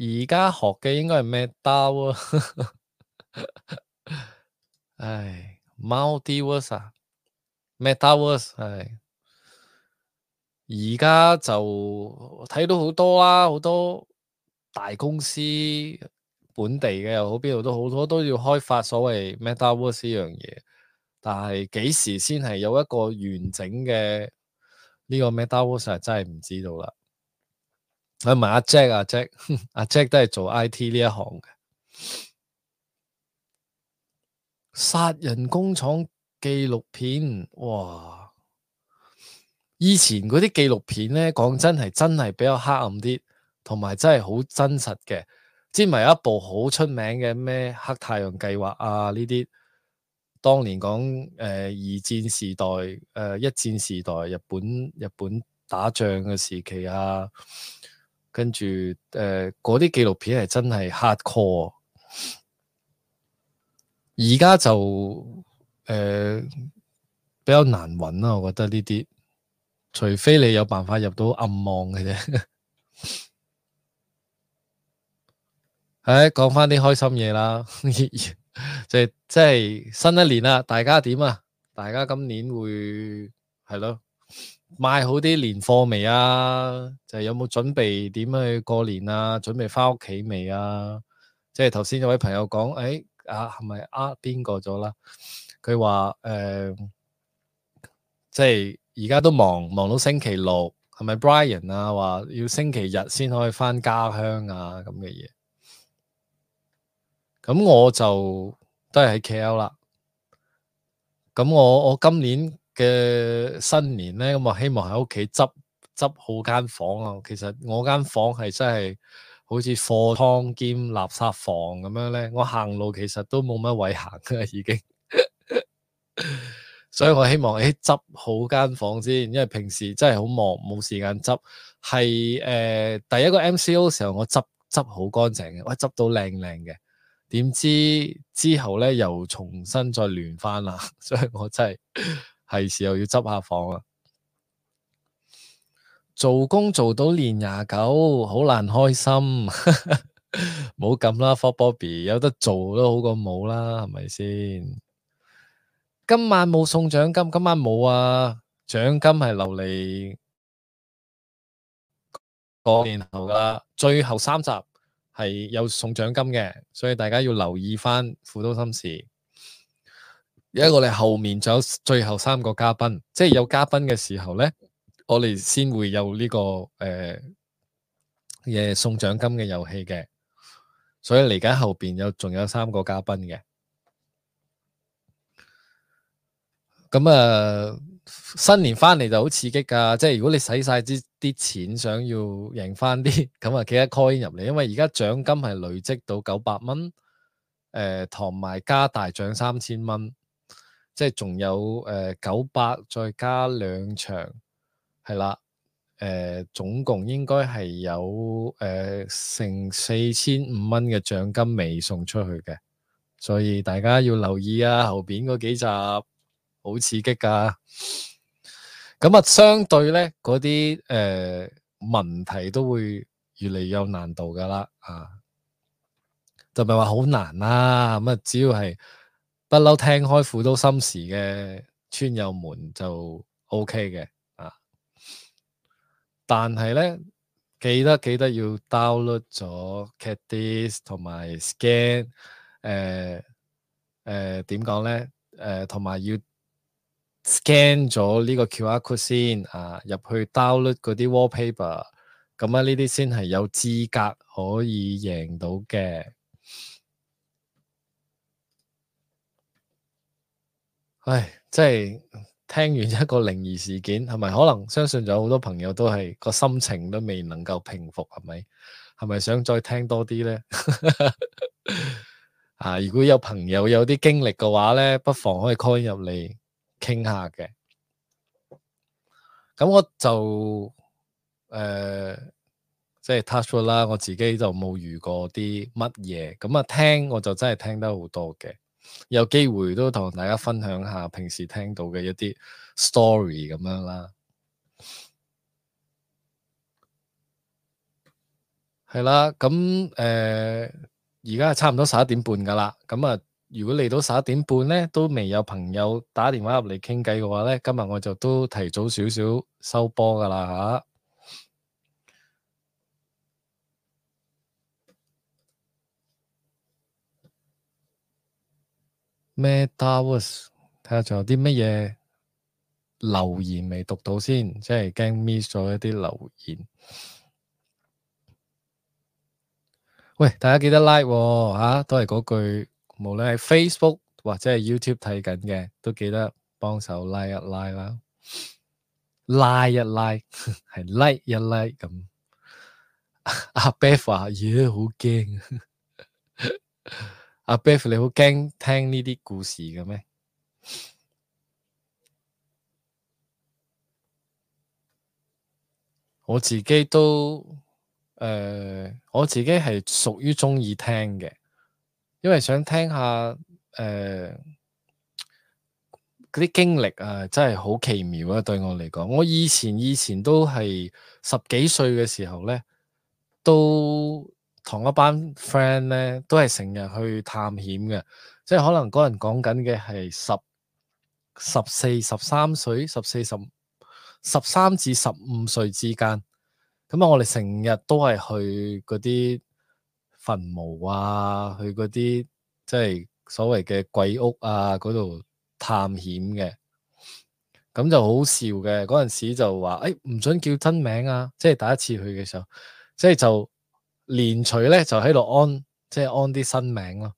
而家學嘅應該係 Metaverse 啊，Metaverse, 唉 Metaverse 啊 Metaverse 係，而家就睇到好多啦，好多大公司本地嘅又好，邊度都好多都要開發所謂 Metaverse 呢樣嘢，但係幾時先係有一個完整嘅呢個 Metaverse 真係唔知道啦。係咪阿 Jack？阿、啊、Jack，阿、啊、Jack 都係做 IT 呢一行嘅。殺人工廠紀錄片，哇！以前嗰啲紀錄片咧，講真係真係比較黑暗啲，同埋真係好真實嘅。之前咪有一部好出名嘅咩《黑太陽計劃》啊，呢啲當年講誒、呃、二戰時代、誒、呃、一戰時代，日本日本打仗嘅時期啊。跟住，誒、呃，嗰啲紀錄片係真係 hard core，而家就誒、呃、比較難揾啦，我覺得呢啲，除非你有辦法入到暗網嘅啫。誒、 哎，講翻啲開心嘢啦，即係即係新一年啦，大家點啊？大家今年會係咯。買好啲年貨未啊？就是、有冇準備點樣去過年啊？準備翻屋企未啊？即係頭先有位朋友講，誒、哎、啊，係咪呃邊個咗啦？佢話誒，即係而家都忙，忙到星期六，係咪 Brian 啊？話要星期日先可以翻家鄉啊，咁嘅嘢。咁我就都係喺 KL 啦。咁我我今年。嘅新年呢，咁啊希望喺屋企執執好間房啊。其實我間房係真係好似貨倉兼垃圾房咁樣呢。我行路其實都冇乜位行嘅已經， 所以我希望誒執、欸、執好間房先，因為平時真係好忙，冇時間執。係誒、呃、第一個 MCO 時候，我執執好乾淨嘅，我，執到靚靚嘅。點知之後呢，又重新再亂翻啦，所以我真係。係時候要執下房啦，做工做到年廿九，好難開心，冇咁啦，For Bobby 有得做都好過冇啦，係咪先？今晚冇送獎金，今晚冇啊，獎金係留嚟過年後嘅 最後三集係有送獎金嘅，所以大家要留意返苦多心事。而家我哋後面仲有最後三個嘉賓，即係有嘉賓嘅時候咧，我哋先會有呢、這個誒嘢、呃、送獎金嘅遊戲嘅，所以嚟緊後邊有仲有三個嘉賓嘅。咁、嗯、啊，新年翻嚟就好刺激噶，即係如果你使晒啲啲錢，想要贏翻啲，咁啊，記得 call in 入嚟，因為而家獎金係累積到九百蚊，誒同埋加大獎三千蚊。即係仲有誒、呃、九百再加兩場係啦，誒、呃、總共應該係有誒成、呃、四千五蚊嘅獎金未送出去嘅，所以大家要留意啊，後邊嗰幾集好刺激噶，咁啊相對咧嗰啲誒問題都會越嚟越有難度噶啦啊，就唔係話好難啦、啊，咁啊只要係。不嬲聽開苦都心事嘅，村友們就 O K 嘅啊。但係咧，記得記得要 download 咗 CADIS 同埋 scan，誒、呃、誒點講咧？誒同埋要 scan 咗呢個 QR code 先啊，入去 download 嗰啲 wallpaper，咁啊呢啲先係有資格可以贏到嘅。唉，即係聽完一個靈異事件，係咪？可能相信就有好多朋友都係個心情都未能夠平復，係咪？係咪想再聽多啲咧？ 啊，如果有朋友有啲經歷嘅話咧，不妨可以 call 入嚟傾下嘅。咁我就誒、呃，即係 touch 啦，我自己就冇遇過啲乜嘢，咁啊聽我就真係聽得好多嘅。有機會都同大家分享下平時聽到嘅一啲 story 咁樣啦，係啦，咁誒而家係差唔多十一點半噶啦，咁啊，如果嚟到十一點半咧都未有朋友打電話入嚟傾偈嘅話咧，今日我就都提早少少收波噶啦吓。啊咩 t o 睇下仲有啲乜嘢留言未讀到先，即係驚 miss 咗一啲留言。喂，大家記得 like 吓，哦啊,都係嗰句，無論係 Facebook 或者係 YouTube 睇緊嘅，都記得幫手拉一拉啦，拉一拉，係 like 一 like 咁。阿 Beth 話嘢好驚。啊 阿 Beth，你好驚聽呢啲故事嘅咩？ 我自己都，誒、呃，我自己係屬於鍾意聽嘅，因為想聽下，誒、呃，嗰啲經歷啊，真係好奇妙啊！對我嚟講，我以前以前都係十幾歲嘅時候咧，都。同一班 friend 咧，都係成日去探險嘅，即係可能嗰人講緊嘅係十十四、十三歲、十四十十三至十五歲之間，咁啊，我哋成日都係去嗰啲墳墓啊，去嗰啲即係所謂嘅鬼屋啊嗰度探險嘅，咁就好笑嘅。嗰陣時就話，誒、欸、唔准叫真名啊，即係第一次去嘅時候，即係就。連隨咧就喺度安，即係安啲新名咯，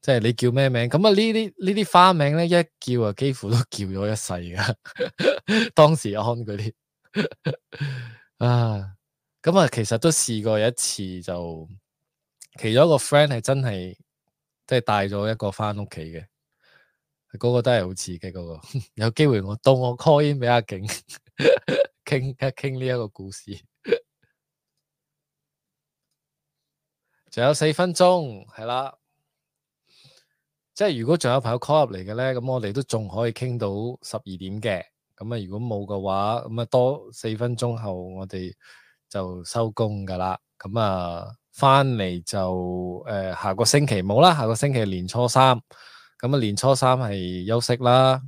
即係你叫咩名？咁啊，呢啲呢啲花名咧一叫啊，幾乎都叫咗一世噶。 當時安嗰啲啊，咁啊，其實都試過一次就，就其中一個 friend 係真係即係帶咗一個翻屋企嘅，嗰、嗰個都係好刺激嗰、嗰個。 有機會我到我 call in 俾阿景傾一傾呢一個故事。仲有四分鐘，係啦，即係如果仲有朋友 call 入嚟嘅咧，咁我哋都仲可以傾到十二點嘅。咁啊，如果冇嘅話，咁啊多四分鐘後我哋就收工噶啦。咁啊，翻嚟就誒、呃、下個星期冇啦，下個星期年初三，咁啊年初三係休息啦，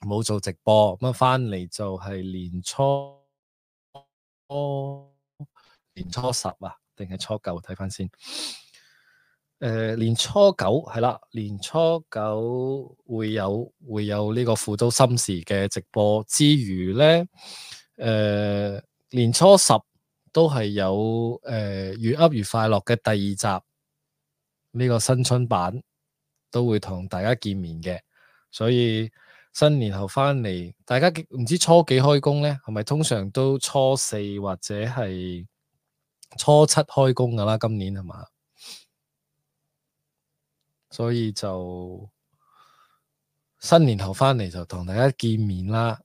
冇做直播。咁啊翻嚟就係年初年初十啊。定係初九，睇翻先看看。誒、呃、年初九係啦，年初九會有會有呢個《輔助心事》嘅直播之餘咧，誒、呃、年初十都係有誒越噏越快樂嘅第二集呢，這個新春版都會同大家見面嘅。所以新年後翻嚟，大家唔知初幾開工咧？係咪通常都初四或者係？初七開工噶啦，今年係嘛？所以就新年後返嚟就同大家見面啦。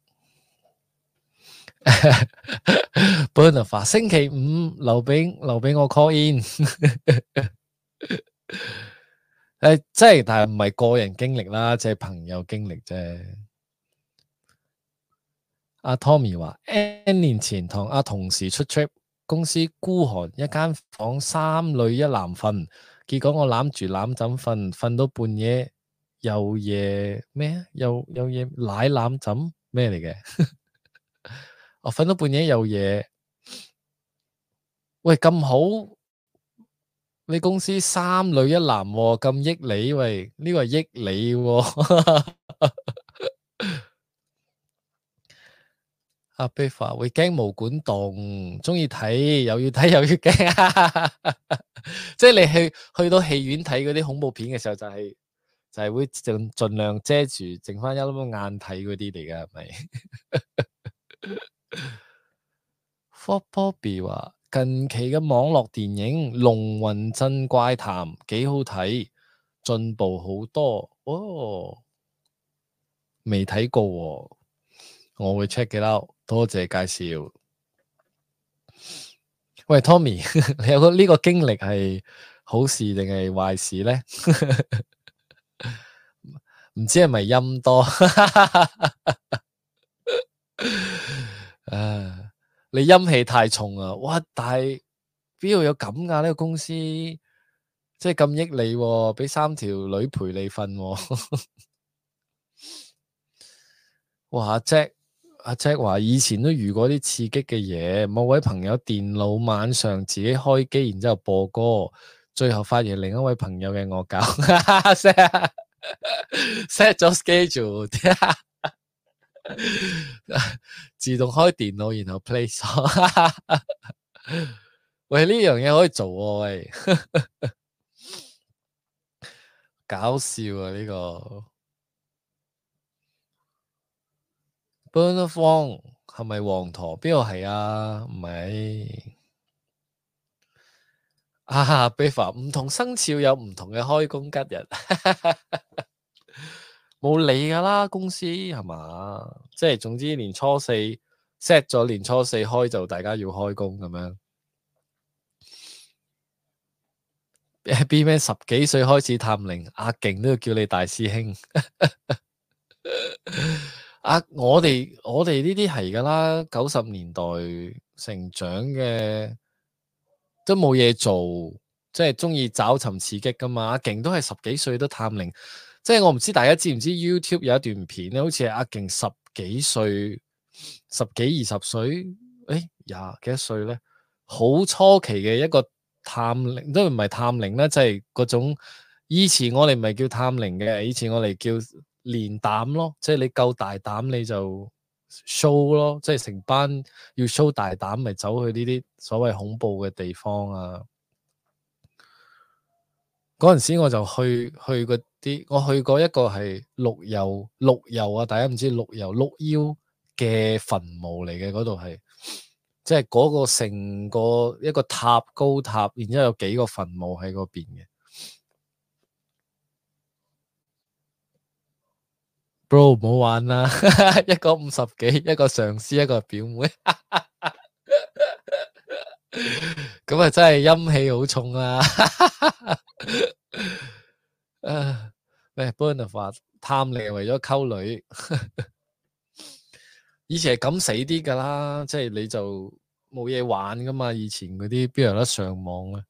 本來話星期五留畀留畀我 call in。誒，即係但係唔係個人經歷啦，即係朋友經歷啫。阿、啊、Tommy 話，N 年前同阿同事出 trip。公司孤寒，一間房三女一男瞓，結果我攬住攬枕瞓，瞓到半夜又夜咩啊？又又夜奶攬枕咩嚟嘅？我瞓到半夜又夜，喂咁好，你公司三女一男，咁益你喂？呢個係益你。阿 Big 話會驚毛管戙，中意睇又要睇又要驚， 即係你去去到戲院睇嗰啲恐怖片嘅時候，就係、是、就係、是、會盡盡量遮住，剩翻一粒粒眼睇嗰啲嚟㗎，係咪？Bobbi 話近期嘅網絡電影《龍雲鎮怪談》幾好睇，進步好多哦，未睇過、哦，我會 check 嘅啦。多謝介紹。喂，Tommy，你有個呢個經歷係好事定係壞事咧？唔知係咪陰多？啊，你陰氣太重啊！哇，但係邊度有咁㗎？呢個公司即係咁益你，俾三條女陪你瞓。哇！即係。阿 Jack 話以前都遇過啲刺激嘅嘢，某位朋友電腦晚上自己開機，然之後播歌，最後發現另一位朋友嘅惡搞 set set 咗 schedule， 自動開電腦然後 play 咗， 喂，呢樣嘢可以做喎啊，喂 搞笑啊呢個！本一方係咪黃陀？邊個係啊？唔係啊？俾罰。唔同生肖有唔同嘅開工吉日，冇理噶啦。公司係嘛？即係總之年初四 set 咗年初四開就大家要開工咁樣。誒，B B 十幾歲開始探靈，阿勁都要叫你大師兄。啊！我哋我哋呢啲係噶啦，九十年代成長嘅都冇嘢做，即係鍾意找尋刺激噶嘛。阿勁都係十幾歲都探靈，即係我唔知大家知唔知 YouTube 有一段片咧，好似係阿勁十幾歲、十幾二十歲，誒、欸、廿幾歲咧，好初期嘅一個探靈都唔係探靈咧，即係嗰種以前我哋唔係叫探靈嘅，以前我哋叫，叫。練膽咯，即係你夠大膽你就 show 咯，即係成班要 show 大膽咪走去呢啲所謂恐怖嘅地方啊！嗰陣時我就去去嗰啲，我去過一個係綠油綠油啊，大家唔知綠油綠腰嘅墳墓嚟嘅，嗰度係即係嗰個成個一個塔高塔，然之後有幾個墳墓喺嗰邊嘅。bro 唔好玩啦， 一個五十幾，一個上司，一個表妹，咁 啊 真係陰氣好重啊！誒，Bonnie 話探你為咗溝女， 以前係咁死啲噶啦，即係你就冇嘢玩噶嘛，以前嗰啲邊有得上網啊？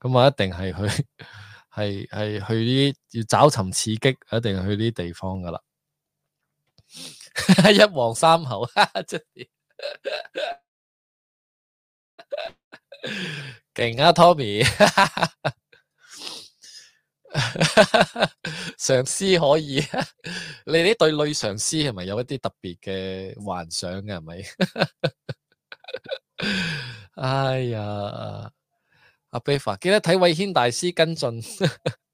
咁啊一定係去，係係去啲要找尋刺激，一定係去啲地方噶啦。一王黃三口、 啊，真係勁啊！Tommy，上 司可以，你呢對女上司係咪有一啲特別嘅幻想嘅？係咪？哎呀，阿 Beffa，記得睇偉軒大師跟進。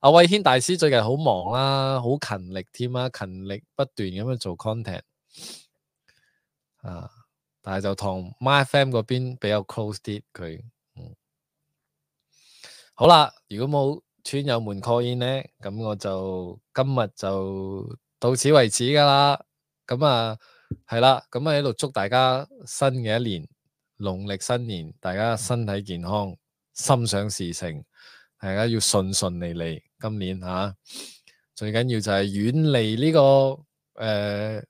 阿慧軒大師最近好忙啦、啊，好勤力添啊，勤力不斷咁樣做 content 啊，但係就同 my FM 嗰邊比較 close 啲佢。嗯，好啦，如果冇村友門 call in 咧，咁我就今日就到此為止噶、啊、啦。咁啊，係啦，咁啊喺度祝大家新嘅一年，農曆新年，大家身體健康，心想事成，大家要順順利利。今年嚇、啊、最緊要就係遠離呢、呢個誒、呃、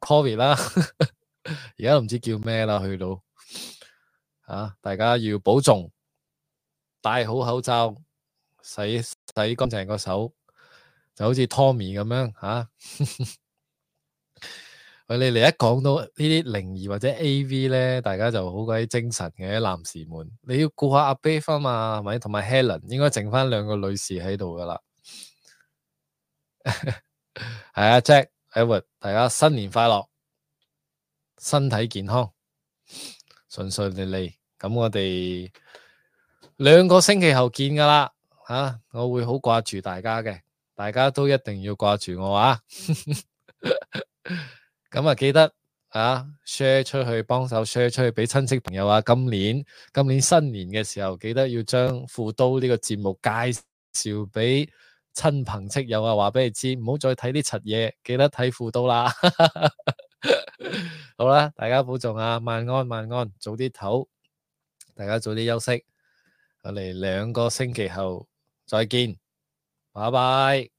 Covid 啦、啊，而家都唔知叫咩啦，去到嚇、啊、大家要保重，戴好口罩，洗洗乾淨個手，就好似 Tommy 咁樣嚇。啊 你嚟一講到呢啲靈異或者 AV 咧，大家就好鬼精神嘅，男士們，你要顧下阿貝芬嘛，係咪？同埋 Helen 應該剩翻兩個女士喺度噶啦，係啊 Jack，Edward，大家新年快樂，身體健康，順順利利。咁我哋兩個星期後見噶啦，吓，我會好掛住大家嘅，大家都一定要掛住我啊！咁啊、嗯，記得啊 share 出去，幫手 share 出去畀親戚朋友啊。今年，今年新年嘅時候，記得要將副都呢個節目介紹畀親朋戚友啊，話畀你知，唔好再睇啲柒嘢，記得睇副都啦。 好啦，大家保重啊，晚安晚安，早啲唞，大家早啲休息。我哋兩個星期後再見，拜拜。